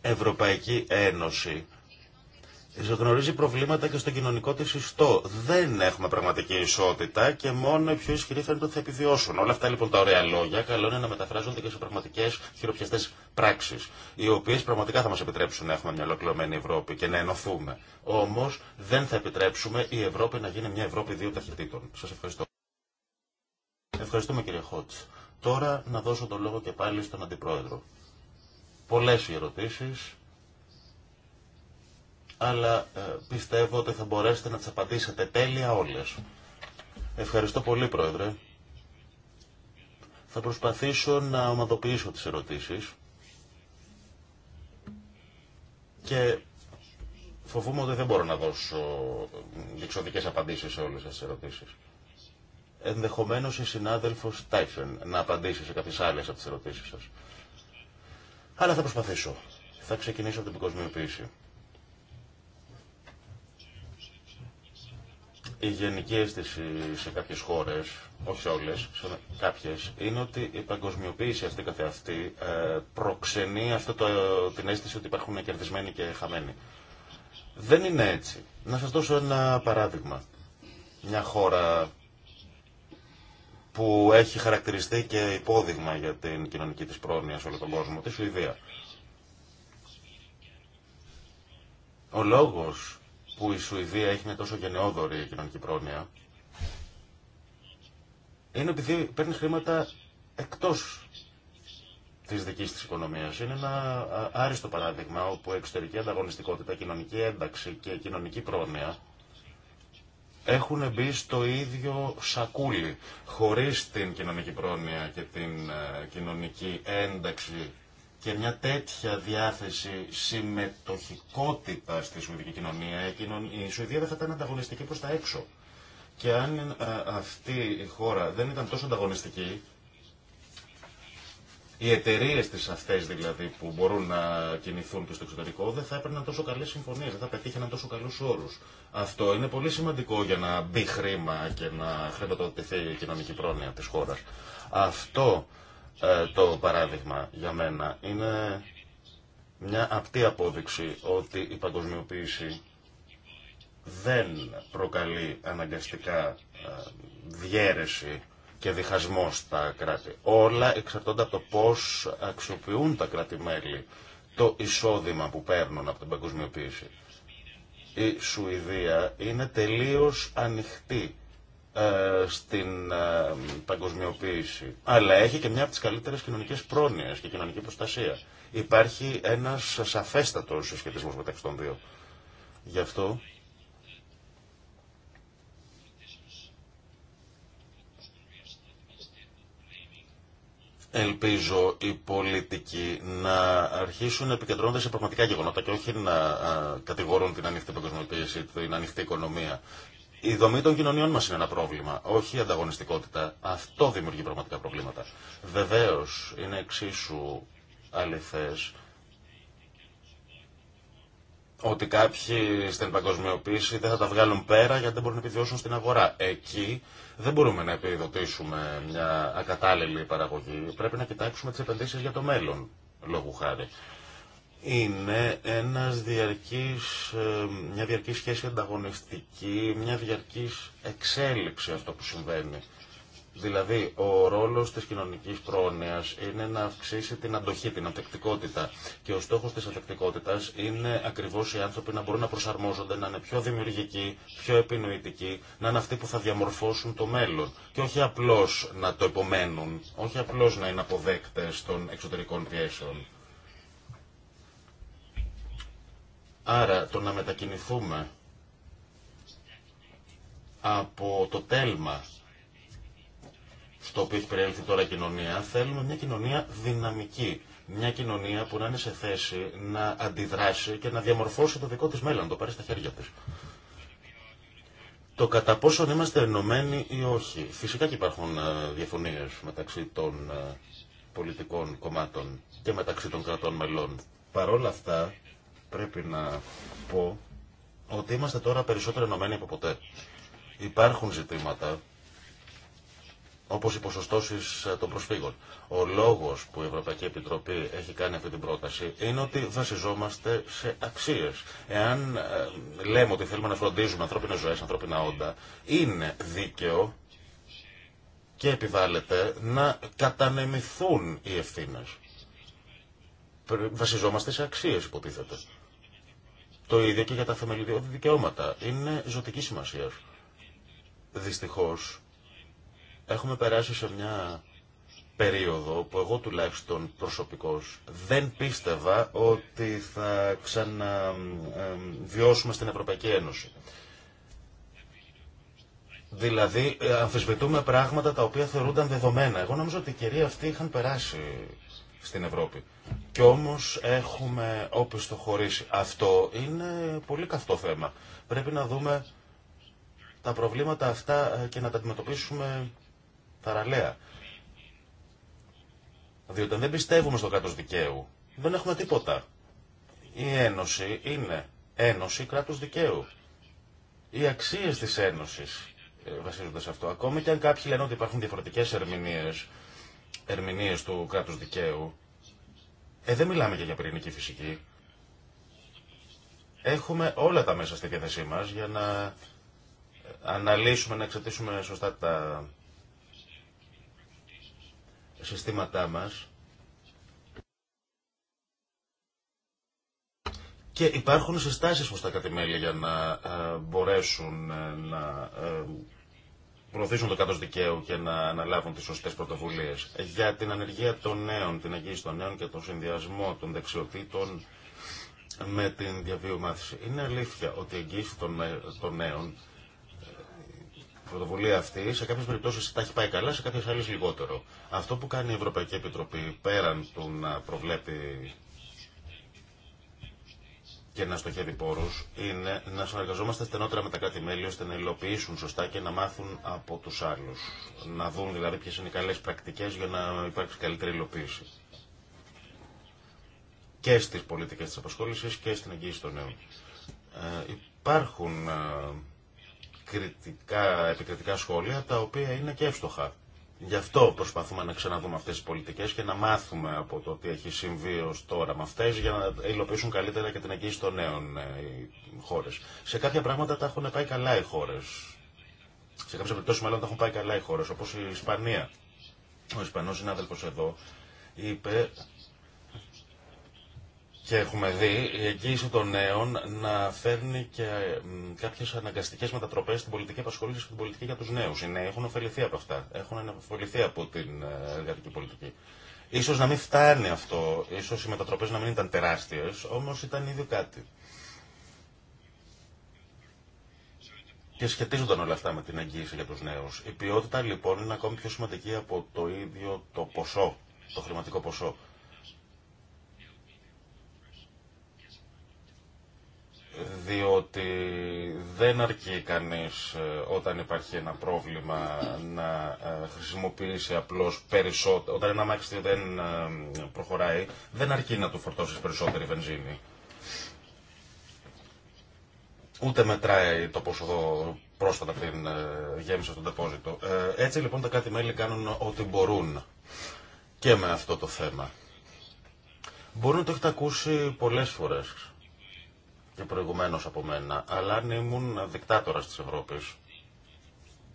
Ευρωπαϊκή Ένωση γνωρίζει προβλήματα και στο κοινωνικό τη ιστό. Δεν έχουμε πραγματική ισότητα και μόνο οι πιο ισχυροί φαίνεται ότι θα επιβιώσουν. Όλα αυτά λοιπόν τα ωραία λόγια καλό είναι να μεταφράζονται και σε πραγματικές χειροπιαστές πράξεις οι οποίε πραγματικά θα μας επιτρέψουν να έχουμε μια ολοκληρωμένη Ευρώπη και να ενωθούμε. Όμως δεν θα επιτρέψουμε η Ευρώπη να γίνει μια Ευρώπη δύο ταχυτήτων. Σα ευχαριστώ. Ευχαριστούμε κύριε Χότ. Τώρα να δώσω τον λόγο και πάλι στον Αντιπρόεδρο. Πολλές οι ερωτήσεις, αλλά ε, πιστεύω ότι θα μπορέσετε να τις απαντήσετε τέλεια όλες. Ευχαριστώ πολύ, Πρόεδρε. Θα προσπαθήσω να ομαδοποιήσω τις ερωτήσεις και φοβούμαι ότι δεν μπορώ να δώσω διεξοδικές απαντήσεις σε όλες τις ερωτήσεις. Ενδεχομένως η συνάδελφος Τάισεν να απαντήσει σε κάποιες άλλες από τις ερωτήσεις σας. Αλλά θα προσπαθήσω. Θα ξεκινήσω από την παγκοσμιοποίηση. Η γενική αίσθηση σε κάποιες χώρες, όχι σε όλες, σε κάποιες, είναι ότι η παγκοσμιοποίηση αυτή καθεαυτή ε, προξενεί αυτό το, την αίσθηση ότι υπάρχουν κερδισμένοι και χαμένοι. Δεν είναι έτσι. Να σας δώσω ένα παράδειγμα. Μια χώρα που έχει χαρακτηριστεί και υπόδειγμα για την κοινωνική της πρόνοια σε όλο τον κόσμο, τη Σουηδία. Ο λόγος που η Σουηδία έχει μια τόσο γενναιόδορη κοινωνική πρόνοια είναι επειδή παίρνει χρήματα εκτός της δικής της οικονομίας. Είναι ένα άριστο παράδειγμα όπου εξωτερική ανταγωνιστικότητα, κοινωνική ένταξη και κοινωνική πρόνοια έχουν μπει στο ίδιο σακούλι, χωρίς την κοινωνική πρόνοια και την ε, κοινωνική ένταξη και μια τέτοια διάθεση συμμετοχικότητα στη σουηδική κοινωνία, η Σουηδία δεν θα ήταν ανταγωνιστική προς τα έξω. Και αν ε, αυτή η χώρα δεν ήταν τόσο ανταγωνιστική, οι εταιρείε τη αυτέ δηλαδή που μπορούν να κινηθούν και στο εξωτερικό δεν θα έπαιρναν τόσο καλέ συμφωνίε, δεν θα πετύχαιναν τόσο καλού όρου. Αυτό είναι πολύ σημαντικό για να μπει χρήμα και να χρηματοδοτηθεί η κοινωνική πρόνοια τη χώρα. Αυτό ε, το παράδειγμα για μένα είναι μια απτή απόδειξη ότι η παγκοσμιοποίηση δεν προκαλεί αναγκαστικά ε, διέρεση και διχασμό στα κράτη. Όλα εξαρτώνται από το πώς αξιοποιούν τα κράτη-μέλη το εισόδημα που παίρνουν από την παγκοσμιοποίηση. Η Σουηδία είναι τελείω ανοιχτή ε, στην ε, παγκοσμιοποίηση. Αλλά έχει και μια από τι καλύτερε κοινωνικέ πρόνοιες και κοινωνική προστασία. Υπάρχει ένας σαφέστατος συσχετισμό μεταξύ των δύο. Γι' αυτό Ελπίζω οι πολιτικοί να αρχίσουν να επικεντρώνονται σε πραγματικά γεγονότα και όχι να κατηγορούν την ανοιχτή παγκοσμιοποίηση, την ανοιχτή οικονομία. Η δομή των κοινωνιών μα είναι ένα πρόβλημα, όχι η ανταγωνιστικότητα. Αυτό δημιουργεί πραγματικά προβλήματα. Βεβαίω είναι εξίσου αληθέ ότι κάποιοι στην παγκοσμιοποίηση δεν θα τα βγάλουν πέρα γιατί δεν μπορούν να επιβιώσουν στην αγορά. Εκεί δεν μπορούμε να επιδοτήσουμε μια ακατάλληλη παραγωγή. Πρέπει να κοιτάξουμε τις επενδύσει για το μέλλον, λόγου χάρη. Είναι ένας διαρκής, ε, μια διαρκή σχέση ανταγωνιστική, μια διαρκής εξέλιξη αυτό που συμβαίνει. Δηλαδή, ο ρόλος της κοινωνικής πρόνοιας είναι να αυξήσει την αντοχή, την ανθεκτικότητα. Και ο στόχος της ανθεκτικότητα είναι ακριβώς οι άνθρωποι να μπορούν να προσαρμόζονται, να είναι πιο δημιουργικοί, πιο επινοητικοί, να είναι αυτοί που θα διαμορφώσουν το μέλλον. Και όχι απλώς να το υπομένουν, όχι απλώς να είναι αποδέκτες των εξωτερικών πιέσεων. Άρα, το να μετακινηθούμε από το τέλμα στο οποίο έχει περιέλθει τώρα η κοινωνία. Θέλουμε μια κοινωνία δυναμική. Μια κοινωνία που να είναι σε θέση να αντιδράσει και να διαμορφώσει το δικό της μέλλον, το πάρει στα χέρια της. Το κατά πόσον είμαστε ενωμένοι ή όχι. Φυσικά και υπάρχουν ε, διαφωνίες μεταξύ των ε, πολιτικών κομμάτων και μεταξύ των κρατών μελών. Παρ' όλα αυτά πρέπει να πω ότι είμαστε τώρα περισσότερο ενωμένοι από ποτέ. Υπάρχουν ζητήματα όπως οι ποσοστώσεις ε, των προσφύγων. Ο λόγος που η Ευρωπαϊκή Επιτροπή έχει κάνει αυτή την πρόταση είναι ότι βασιζόμαστε σε αξίες. Εάν ε, λέμε ότι θέλουμε να φροντίζουμε ανθρώπινες ζωές, ανθρώπινα όντα, είναι δίκαιο και επιβάλλεται να κατανεμηθούν οι ευθύνε. Βασιζόμαστε σε αξίες υποτίθεται. Το ίδιο και για τα θεμελιώδη δικαιώματα. Είναι ζωτική σημασία. Δυστυχώς, Έχουμε περάσει σε μια περίοδο που εγώ τουλάχιστον προσωπικώς δεν πίστευα ότι θα ξαναβιώσουμε στην Ευρωπαϊκή Ένωση. Δηλαδή ε, αμφισβητούμε πράγματα τα οποία θεωρούνταν δεδομένα. Εγώ νομίζω ότι οι αυτοί είχαν περάσει στην Ευρώπη. Και όμως έχουμε το χωρίσει. Αυτό είναι πολύ καυτό θέμα. Πρέπει να δούμε τα προβλήματα αυτά ε, και να τα αντιμετωπίσουμε θαραλέα. Διότι αν δεν πιστεύουμε στο κράτος δικαίου, δεν έχουμε τίποτα. Η Ένωση είναι Ένωση κράτους δικαίου. Οι αξίες της Ένωσης ε, βασίζονται σε αυτό. Ακόμη και αν κάποιοι λένε ότι υπάρχουν διαφορετικές ερμηνείες, ερμηνείες του κράτους δικαίου, ε, δεν μιλάμε και για πυρηνική φυσική. Έχουμε όλα τα μέσα στη διάθεσή μας για να ε, αναλύσουμε, να εξετήσουμε σωστά τα συστήματά μας και υπάρχουν συστάσεις προς τα κατημέλια για να ε, μπορέσουν ε, να ε, προωθήσουν το κάτω δικαίου και να αναλάβουν τις σωστέ πρωτοβουλίες Για την ανεργία των νέων, την αγγίση των νέων και τον συνδυασμό των δεξιοτήτων με την διαβίωμάθηση. Είναι αλήθεια ότι η εγγύηση των, νέων πρωτοβουλία αυτή σε κάποιε περιπτώσει τα έχει πάει καλά, σε κάποιε άλλε λιγότερο. Αυτό που κάνει η Ευρωπαϊκή Επιτροπή πέραν του να προβλέπει και να στοχεύει πόρου είναι να συνεργαζόμαστε στενότερα με τα κράτη-μέλη ώστε να υλοποιήσουν σωστά και να μάθουν από του άλλου. Να δουν δηλαδή ποιε είναι οι καλέ πρακτικέ για να υπάρξει καλύτερη υλοποίηση. Και στι πολιτικέ τη απασχόληση και στην εγγύηση των νέων. Ε, υπάρχουν ε, κριτικά, επικριτικά σχόλια, τα οποία είναι και εύστοχα. Γι' αυτό προσπαθούμε να ξαναδούμε αυτές τις πολιτικές και να μάθουμε από το τι έχει συμβεί ως τώρα με αυτές για να υλοποιήσουν καλύτερα και την εγγύηση των νέων ε, οι χώρες. Σε κάποια πράγματα τα έχουν πάει καλά οι χώρες. Σε κάποιες περιπτώσεις μάλλον τα έχουν πάει καλά οι χώρε, όπως η Ισπανία. Ο Ισπανό συνάδελφος εδώ είπε και έχουμε δει η εγγύηση των νέων να φέρνει και κάποιε αναγκαστικέ μετατροπέ στην πολιτική απασχόληση και την πολιτική για του νέου. Οι νέοι έχουν ωφεληθεί από αυτά. Έχουν ωφεληθεί από την ε, εργατική πολιτική. Ίσως να μην φτάνει αυτό, ίσως οι μετατροπές να μην ήταν τεράστιες, όμως ήταν ήδη κάτι. Και σχετίζονταν όλα αυτά με την εγγύηση για τους νέους. Η ποιότητα λοιπόν είναι ακόμη πιο σημαντική από το ίδιο το ποσό, το χρηματικό ποσό. διότι δεν αρκεί κανείς ε, όταν υπάρχει ένα πρόβλημα να ε, χρησιμοποιήσει απλώς περισσότερο, όταν ένα μάξι δεν ε, προχωράει, δεν αρκεί να του φορτώσεις περισσότερη βενζίνη. Ούτε μετράει το ποσό πρόσφατα πριν γέμισε τον το τεπόζιτο. Έτσι λοιπόν τα κάτι μέλη κάνουν ό,τι μπορούν και με αυτό το θέμα. Μπορούν να το έχετε ακούσει πολλές φορές και προηγουμένω από μένα, αλλά αν ήμουν δικτάτορα τη Ευρώπη,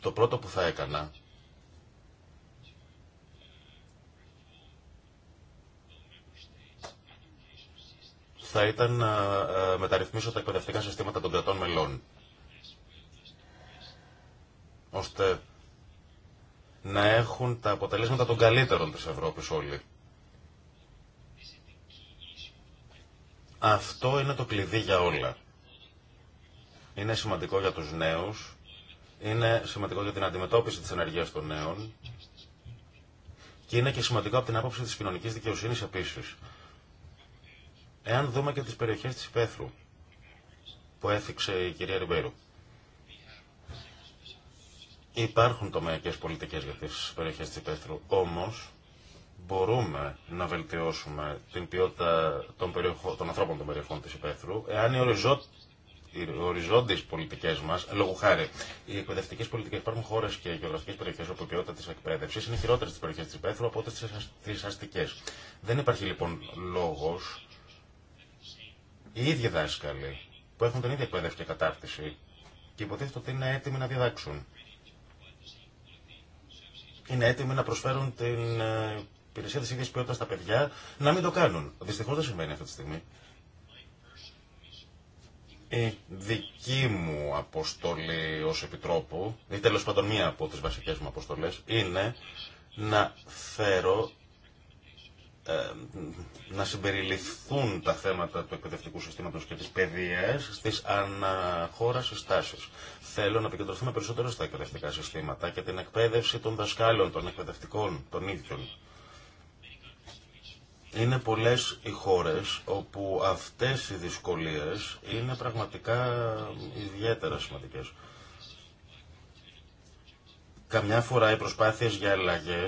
το πρώτο που θα έκανα θα ήταν να ε, μεταρρυθμίσω τα εκπαιδευτικά συστήματα των κρατών μελών, ώστε να έχουν τα αποτελέσματα των καλύτερων της Ευρώπης όλοι. Αυτό είναι το κλειδί για όλα. Είναι σημαντικό για τους νέους, είναι σημαντικό για την αντιμετώπιση της ενεργείας των νέων και είναι και σημαντικό από την άποψη της κοινωνικής δικαιοσύνης επίσης. Εάν δούμε και τις περιοχές της Υπέθρου που έφυξε η κυρία Ριμπέρου, υπάρχουν τομεακές πολιτικές για τις περιοχές της Υπέθρου, όμως μπορούμε να βελτιώσουμε την ποιότητα των, των ανθρώπων των περιοχών της υπαίθρου, εάν οι οριζόντιες οι οριζόντιε πολιτικέ μα, λόγω χάρη οι εκπαιδευτικέ πολιτικές, υπάρχουν χώρες και γεωγραφικές περιοχές όπου η ποιότητα τη εκπαίδευση είναι χειρότερη στις περιοχέ τη υπαίθρου από ό,τι στι αστικέ. Δεν υπάρχει λοιπόν λόγος οι ίδιοι δάσκαλοι που έχουν την ίδια εκπαίδευση και κατάρτιση και υποτίθεται ότι είναι έτοιμοι να διδάξουν. Είναι έτοιμοι να προσφέρουν την ε, υπηρεσία τη ίδια ποιότητα στα παιδιά να μην το κάνουν. Δυστυχώ δεν συμβαίνει αυτή τη στιγμή. Η δική μου αποστολή ω επιτρόπου, ή τέλο πάντων μία από τι βασικέ μου αποστολέ, είναι να φέρω ε, να συμπεριληφθούν τα θέματα του εκπαιδευτικού συστήματος και της παιδείας στις αναχώρα συστάσεις. Θέλω να επικεντρωθούμε περισσότερο στα εκπαιδευτικά συστήματα και την εκπαίδευση των δασκάλων, των εκπαιδευτικών, των ίδιων. Είναι πολλές οι χώρες όπου αυτές οι δυσκολίες είναι πραγματικά ιδιαίτερα σημαντικές. Καμιά φορά οι προσπάθειες για αλλαγέ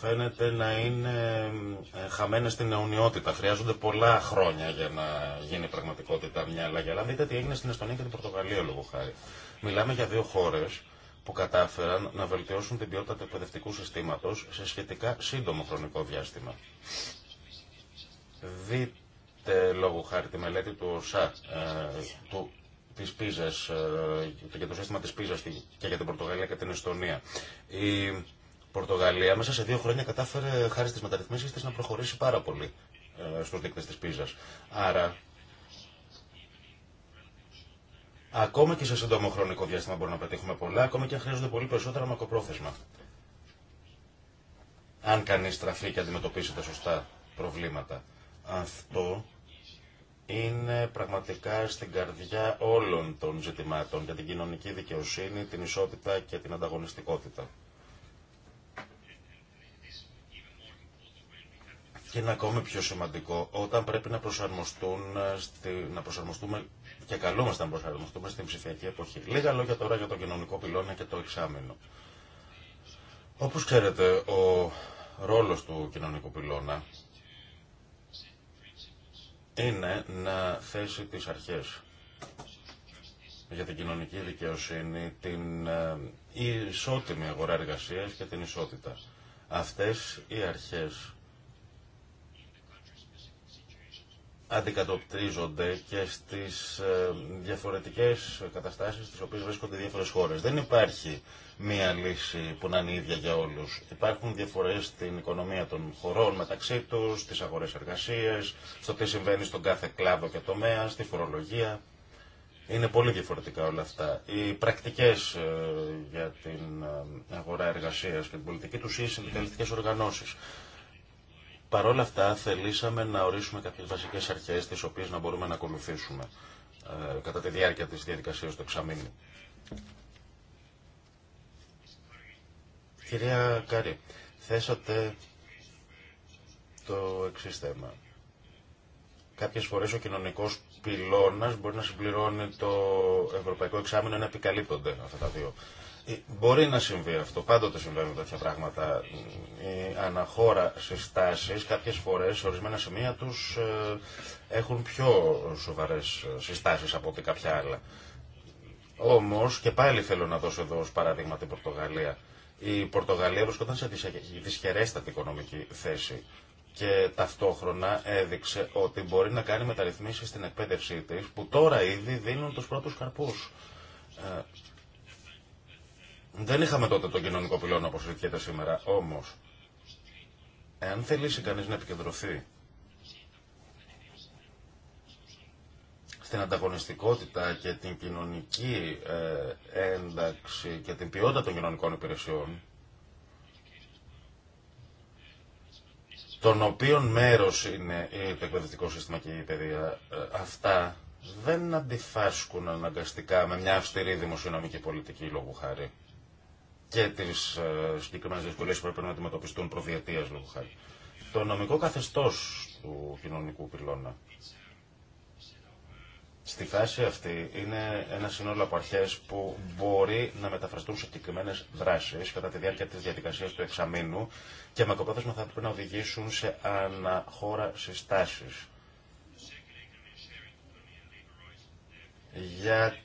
φαίνεται να είναι ε, χαμένες στην αιωνιότητα. Χρειάζονται πολλά χρόνια για να γίνει πραγματικότητα μια αλλαγή. Αλλά δείτε τι έγινε στην Εστονία και την Πορτογαλία λόγω χάρη. Μιλάμε για δύο χώρες που κατάφεραν να βελτιώσουν την ποιότητα του εκπαιδευτικού συστήματος σε σχετικά σύντομο χρονικό διάστημα. Δείτε λόγω χάρη τη μελέτη του ΟΣΑ, ε, του, της πίζας, ε, για το σύστημα της πίζας και για την Πορτογαλία και την Εστονία. Η Πορτογαλία μέσα σε δύο χρόνια κατάφερε χάρη στις μεταρρυθμίσεις της να προχωρήσει πάρα πολύ ε, στους δείκτες της πίζας. Άρα Ακόμα και σε σύντομο χρονικό διάστημα μπορούμε να πετύχουμε πολλά, ακόμα και αν χρειάζονται πολύ περισσότερα μακροπρόθεσμα. Αν κανεί στραφεί και αντιμετωπίσει τα σωστά προβλήματα. Αυτό είναι πραγματικά στην καρδιά όλων των ζητημάτων για την κοινωνική δικαιοσύνη, την ισότητα και την ανταγωνιστικότητα. Και είναι ακόμη πιο σημαντικό όταν πρέπει να, προσαρμοστούν, ε, να προσαρμοστούμε και καλούμαστε να προσαρμοστούμε στην ψηφιακή εποχή. Λίγα λόγια τώρα για το κοινωνικό πυλώνα και το εξάμεινο. Όπως ξέρετε, ο ρόλος του κοινωνικού πυλώνα είναι να θέσει τις αρχές για την κοινωνική δικαιοσύνη, την ε, ισότιμη αγορά εργασίας και την ισότητα. Αυτές οι αρχές αντικατοπτρίζονται και στις ε, διαφορετικές καταστάσεις στις οποίες βρίσκονται οι διάφορες χώρες. Δεν υπάρχει μία λύση που να είναι ίδια για όλους. Υπάρχουν διαφορές στην οικονομία των χωρών μεταξύ τους, στις αγορές εργασίες, στο τι συμβαίνει στον κάθε κλάδο και τομέα, στη φορολογία. Είναι πολύ διαφορετικά όλα αυτά. Οι πρακτικές ε, για την ε, αγορά εργασίας και την πολιτική τους ή οι συνδικαλιστικές οργανώσεις. Παρ' όλα αυτά θελήσαμε να ορίσουμε κάποιες βασικές αρχέ τι οποίες να μπορούμε να ακολουθήσουμε ε, κατά τη διάρκεια τη διαδικασία του εξαμήνου. Κυρία Καρή, θέσατε το εξή θέμα. Κάποιες φορές ο κοινωνικός πυλώνας μπορεί να συμπληρώνει το ευρωπαϊκό εξάμεινο να επικαλύπτονται αυτά τα δύο. Ε, μπορεί να συμβεί αυτό, πάντοτε συμβαίνουν τέτοια πράγματα. Η αναχώρα κάποιε κάποιες φορές, ορισμένα σημεία τους ε, έχουν πιο σοβαρές συστάσει από ότι κάποια άλλα. Όμως και πάλι θέλω να δώσω εδώ ω παράδειγμα την Πορτογαλία. Η Πορτογαλία βρισκόταν σε δυσχερέστατη οικονομική θέση και ταυτόχρονα έδειξε ότι μπορεί να κάνει μεταρρυθμίσεις στην εκπαίδευσή τη, που τώρα ήδη δίνουν του πρώτου καρπούς. Ε, δεν είχαμε τότε τον κοινωνικό πυλώνα όπως βρίσκεται σήμερα, Όμω, εάν θελήσει κανεί να επικεντρωθεί στην ανταγωνιστικότητα και την κοινωνική ε, ένταξη και την ποιότητα των κοινωνικών υπηρεσιών τον οποίων μέρος είναι το εκπαιδευτικό σύστημα και η παιδεία, ε, αυτά δεν αντιφάσκουν αναγκαστικά με μια αυστηρή δημοσιονομική πολιτική λόγου χάρη και τις ε, συγκεκριμένες δυσκολίες που πρέπει να αντιμετωπιστούν προδιετίας λόγου χάρη. Το νομικό καθεστώς του κοινωνικού πυλώνα Στη φάση αυτή είναι ένα σύνολο από αρχέ που μπορεί να μεταφραστούν σε συγκεκριμένε δράσει κατά τη διάρκεια τη διαδικασία του εξαμήνου και με μακροπρόθεσμα θα πρέπει να οδηγήσουν σε αναχώρα συστάσει. Για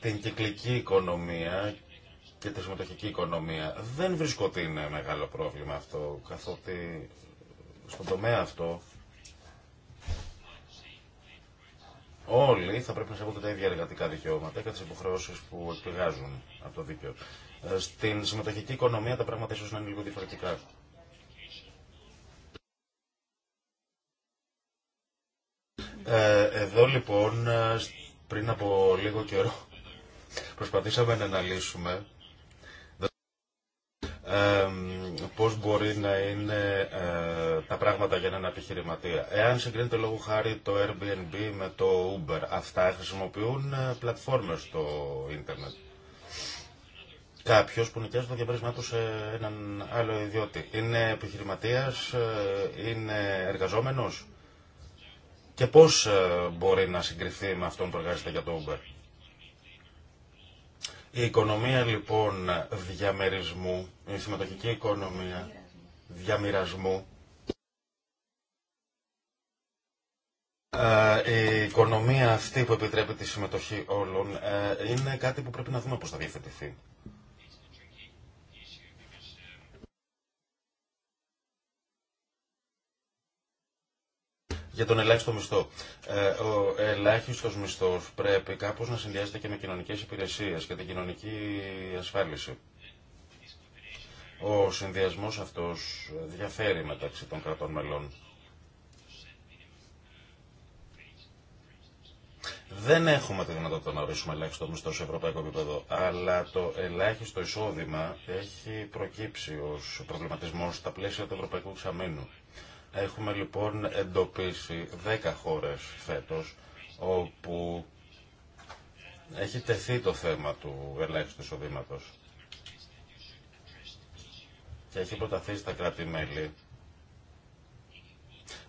την κυκλική οικονομία και τη συμμετοχική οικονομία δεν βρίσκω ότι είναι μεγάλο πρόβλημα αυτό, καθότι στον τομέα αυτό Όλοι θα πρέπει να σέβονται τα ίδια εργατικά δικαιώματα και τι υποχρεώσει που εκπληγάζουν από το δίκαιο. Ε, στην συμμετοχική οικονομία τα πράγματα ίσω να είναι λίγο διαφορετικά. Ε, εδώ λοιπόν, ε, πριν από λίγο καιρό, προσπαθήσαμε να αναλύσουμε πώς μπορεί να είναι ε, τα πράγματα για έναν επιχειρηματία. Εάν συγκρίνεται λόγω χάρη το Airbnb με το Uber, αυτά χρησιμοποιούν ε, πλατφόρμες στο ίντερνετ. Κάποιο που νοικιάζει το διαμέρισμά του σε έναν άλλο ιδιώτη. Είναι επιχειρηματία, ε, είναι εργαζόμενος Και πώ μπορεί να συγκριθεί με αυτόν που εργάζεται για το Uber. Η οικονομία λοιπόν διαμερισμού, η συμμετοχική οικονομία διαμοιρασμού, ε, η οικονομία αυτή που επιτρέπει τη συμμετοχή όλων ε, είναι κάτι που πρέπει να δούμε πώς θα διευθετηθεί. για τον ελάχιστο μισθό. Ε, ο ελάχιστο μισθό πρέπει κάπω να συνδυάζεται και με κοινωνικέ υπηρεσίε και την κοινωνική ασφάλιση. Ο συνδυασμό αυτό διαφέρει μεταξύ των κρατών μελών. Δεν έχουμε τη δυνατότητα να ορίσουμε ελάχιστο μισθό σε ευρωπαϊκό επίπεδο, αλλά το ελάχιστο εισόδημα έχει προκύψει ως προβληματισμός στα πλαίσια του ευρωπαϊκού εξαμήνου. Έχουμε λοιπόν εντοπίσει 10 χώρες φέτος όπου έχει τεθεί το θέμα του ελάχιστου εισοδήματο. Και έχει προταθεί στα κράτη-μέλη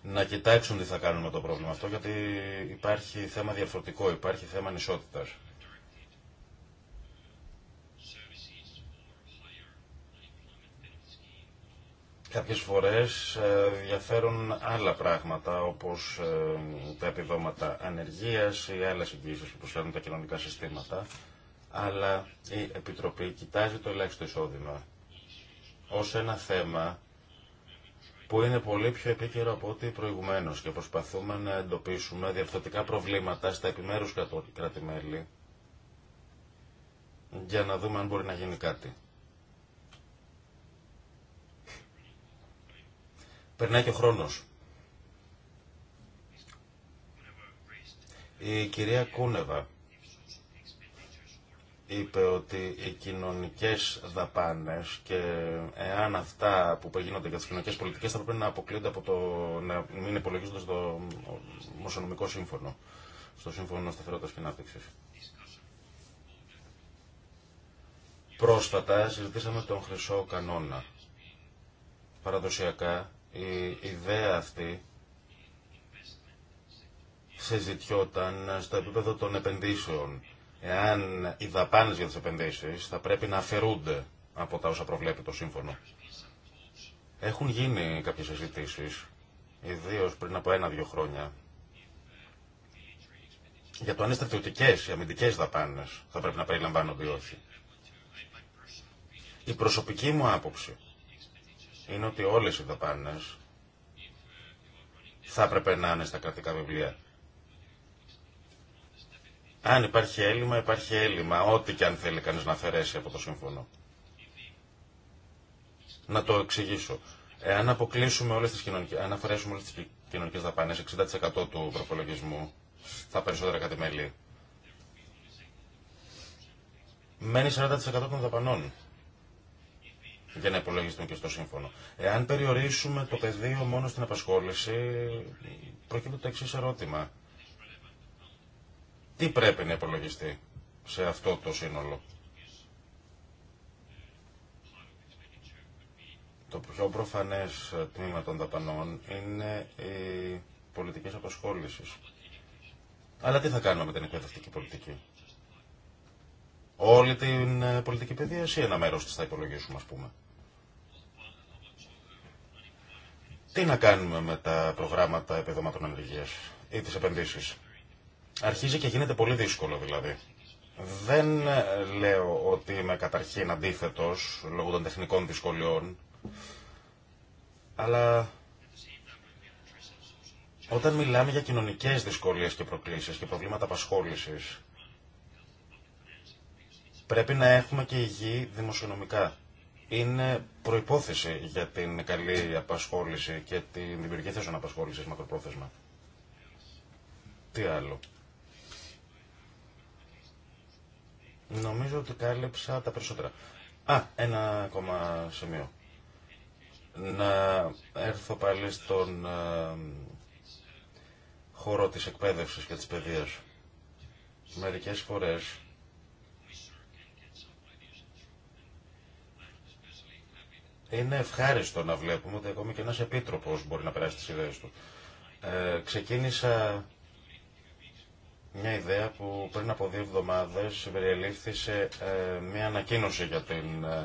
να κοιτάξουν τι θα κάνουν με το πρόβλημα αυτό, γιατί υπάρχει θέμα διαφορετικό, υπάρχει θέμα ανισότητας. Κάποιες φορές ε, διαφέρουν άλλα πράγματα όπως ε, τα επιδόματα ανεργίας ή άλλες εγγύησεις που προσφέρουν τα κοινωνικά συστήματα αλλά η Επιτροπή κοιτάζει το ελάχιστο εισόδημα ως ένα θέμα που είναι πολύ πιο επίκαιρο από ό,τι προηγουμένω και προσπαθούμε να εντοπίσουμε διαφθορτικά προβλήματα στα επιμέρους για να δούμε αν μπορεί να γίνει κάτι. περνάει και ο χρόνος. Η κυρία Κούνεβα είπε ότι οι κοινωνικές δαπάνες και εάν αυτά που γίνονται για τις κοινωνικές πολιτικές θα πρέπει να αποκλείονται από το να μην υπολογίζονται στο μοσονομικό σύμφωνο, στο σύμφωνο σταθερότητας και ανάπτυξης. Πρόσφατα συζητήσαμε τον χρυσό κανόνα. Παραδοσιακά η ιδέα αυτή συζητιόταν στο επίπεδο των επενδύσεων. Εάν οι δαπάνε για τι επενδύσει θα πρέπει να αφαιρούνται από τα όσα προβλέπει το σύμφωνο. Έχουν γίνει κάποιε συζητήσει, ιδίω πριν από ένα-δύο χρόνια, για το αν οι στρατιωτικέ, οι δαπάνε θα πρέπει να περιλαμβάνονται ή όχι. Η προσωπική μου άποψη είναι ότι όλες οι δαπάνες θα έπρεπε να είναι στα κρατικά βιβλία. Αν υπάρχει έλλειμμα, υπάρχει έλλειμμα, ό,τι και αν θέλει κανείς να αφαιρέσει από το σύμφωνο. Να το εξηγήσω. Εάν αποκλείσουμε όλες τις κοινωνικές, αν αφαιρέσουμε όλες τις κοινωνικές δαπάνες, 60% του προπολογισμού στα περισσότερα κατημέλη, μένει 40% των δαπανών για να υπολογιστούν και στο σύμφωνο. Εάν περιορίσουμε το πεδίο μόνο στην απασχόληση, προκύπτει το εξή ερώτημα. Τι πρέπει να υπολογιστεί σε αυτό το σύνολο. Το πιο προφανές τμήμα των δαπανών είναι οι πολιτικές απασχόλησης. Αλλά τι θα κάνουμε με την εκπαιδευτική πολιτική. Όλη την ε, πολιτική παιδεία ή ένα μέρος της θα υπολογίσουμε ας πούμε. Τι να κάνουμε με τα προγράμματα επιδομάτων ανεργίας ή τις επενδύσεις. Αρχίζει και γίνεται πολύ δύσκολο δηλαδή. Δεν ε, λέω ότι είμαι καταρχήν αντίθετος λόγω των τεχνικών δυσκολιών, αλλά όταν μιλάμε για κοινωνικές δυσκολίες και προκλήσεις και προβλήματα απασχόλησης, Πρέπει να έχουμε και υγιή δημοσιονομικά. Είναι προϋπόθεση για την καλή απασχόληση και την δημιουργία θέσεων απασχόλησης μακροπρόθεσμα. Τι άλλο. Νομίζω ότι κάλυψα τα περισσότερα. Α, ένα ακόμα σημείο. Να έρθω πάλι στον ε, χώρο της εκπαίδευσης και της παιδείας. Μερικές φορές Είναι ευχάριστο να βλέπουμε ότι ακόμη και ένας επίτροπος μπορεί να περάσει τις ιδέες του. Ε, ξεκίνησα μια ιδέα που πριν από δύο εβδομάδες συμπεριελήφθη σε ε, μια ανακοίνωση για την ε,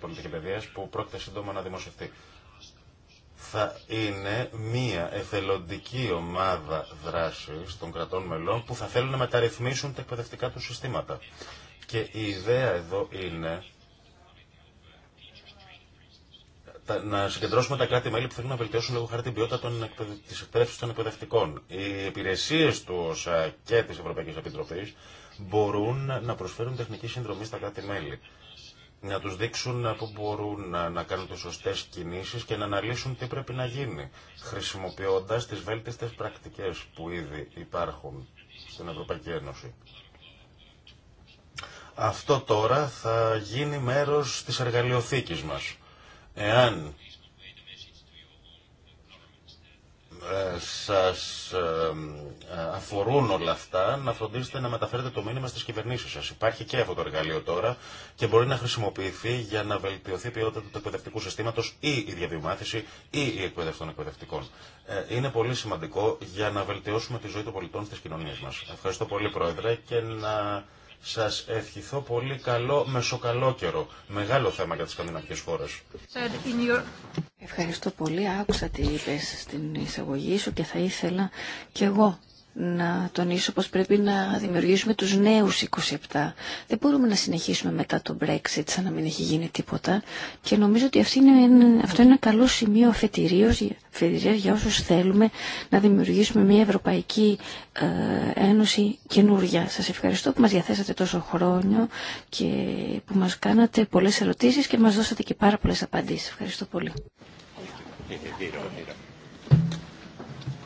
πολιτική παιδεία που πρόκειται σύντομα να δημοσιευτεί. Θα είναι μια εθελοντική ομάδα δράσης των κρατών μελών που θα θέλουν να μεταρρυθμίσουν τα εκπαιδευτικά του συστήματα. Και η ιδέα εδώ είναι να συγκεντρώσουμε τα κράτη-μέλη που θέλουν να βελτιώσουν λίγο χάρη την ποιότητα τη εκπαίδευση των εκπαιδευτικών. Οι υπηρεσίε του ΩΣΑ και τη Ευρωπαϊκή Επιτροπή μπορούν να προσφέρουν τεχνική συνδρομή στα κράτη-μέλη. Να του δείξουν πού μπορούν να κάνουν τι σωστέ κινήσει και να αναλύσουν τι πρέπει να γίνει, χρησιμοποιώντα τι βέλτιστε πρακτικέ που ήδη υπάρχουν στην Ευρωπαϊκή Ένωση. Αυτό τώρα θα γίνει μέρος της εργαλειοθήκης μας. Εάν ε, σας ε, ε, αφορούν όλα αυτά, να φροντίσετε να μεταφέρετε το μήνυμα στις κυβερνήσεις σας. Υπάρχει και αυτό το εργαλείο τώρα και μπορεί να χρησιμοποιηθεί για να βελτιωθεί η ποιότητα του εκπαιδευτικού συστήματος ή η διαβημάτιση ή η διαβημαθηση η η εκπαιδευση των εκπαιδευτικών. Είναι πολύ σημαντικό για να βελτιώσουμε τη ζωή των πολιτών στις κοινωνίες μας. Ευχαριστώ πολύ Πρόεδρε και να σας ευχηθώ πολύ καλό μεσοκαλό καιρό. Μεγάλο θέμα για τις σκανδιναβικές χώρες. Ευχαριστώ πολύ. Άκουσα τι είπες στην εισαγωγή σου και θα ήθελα κι εγώ να τονίσω πως πρέπει να δημιουργήσουμε τους νέους 27. Δεν μπορούμε να συνεχίσουμε μετά το Brexit σαν να μην έχει γίνει τίποτα και νομίζω ότι είναι, αυτό είναι ένα καλό σημείο αφετηρίας, για όσους θέλουμε να δημιουργήσουμε μια Ευρωπαϊκή ε, Ένωση καινούρια. Σας ευχαριστώ που μας διαθέσατε τόσο χρόνο και που μας κάνατε πολλές ερωτήσεις και μας δώσατε και πάρα πολλές απαντήσεις. Ευχαριστώ πολύ.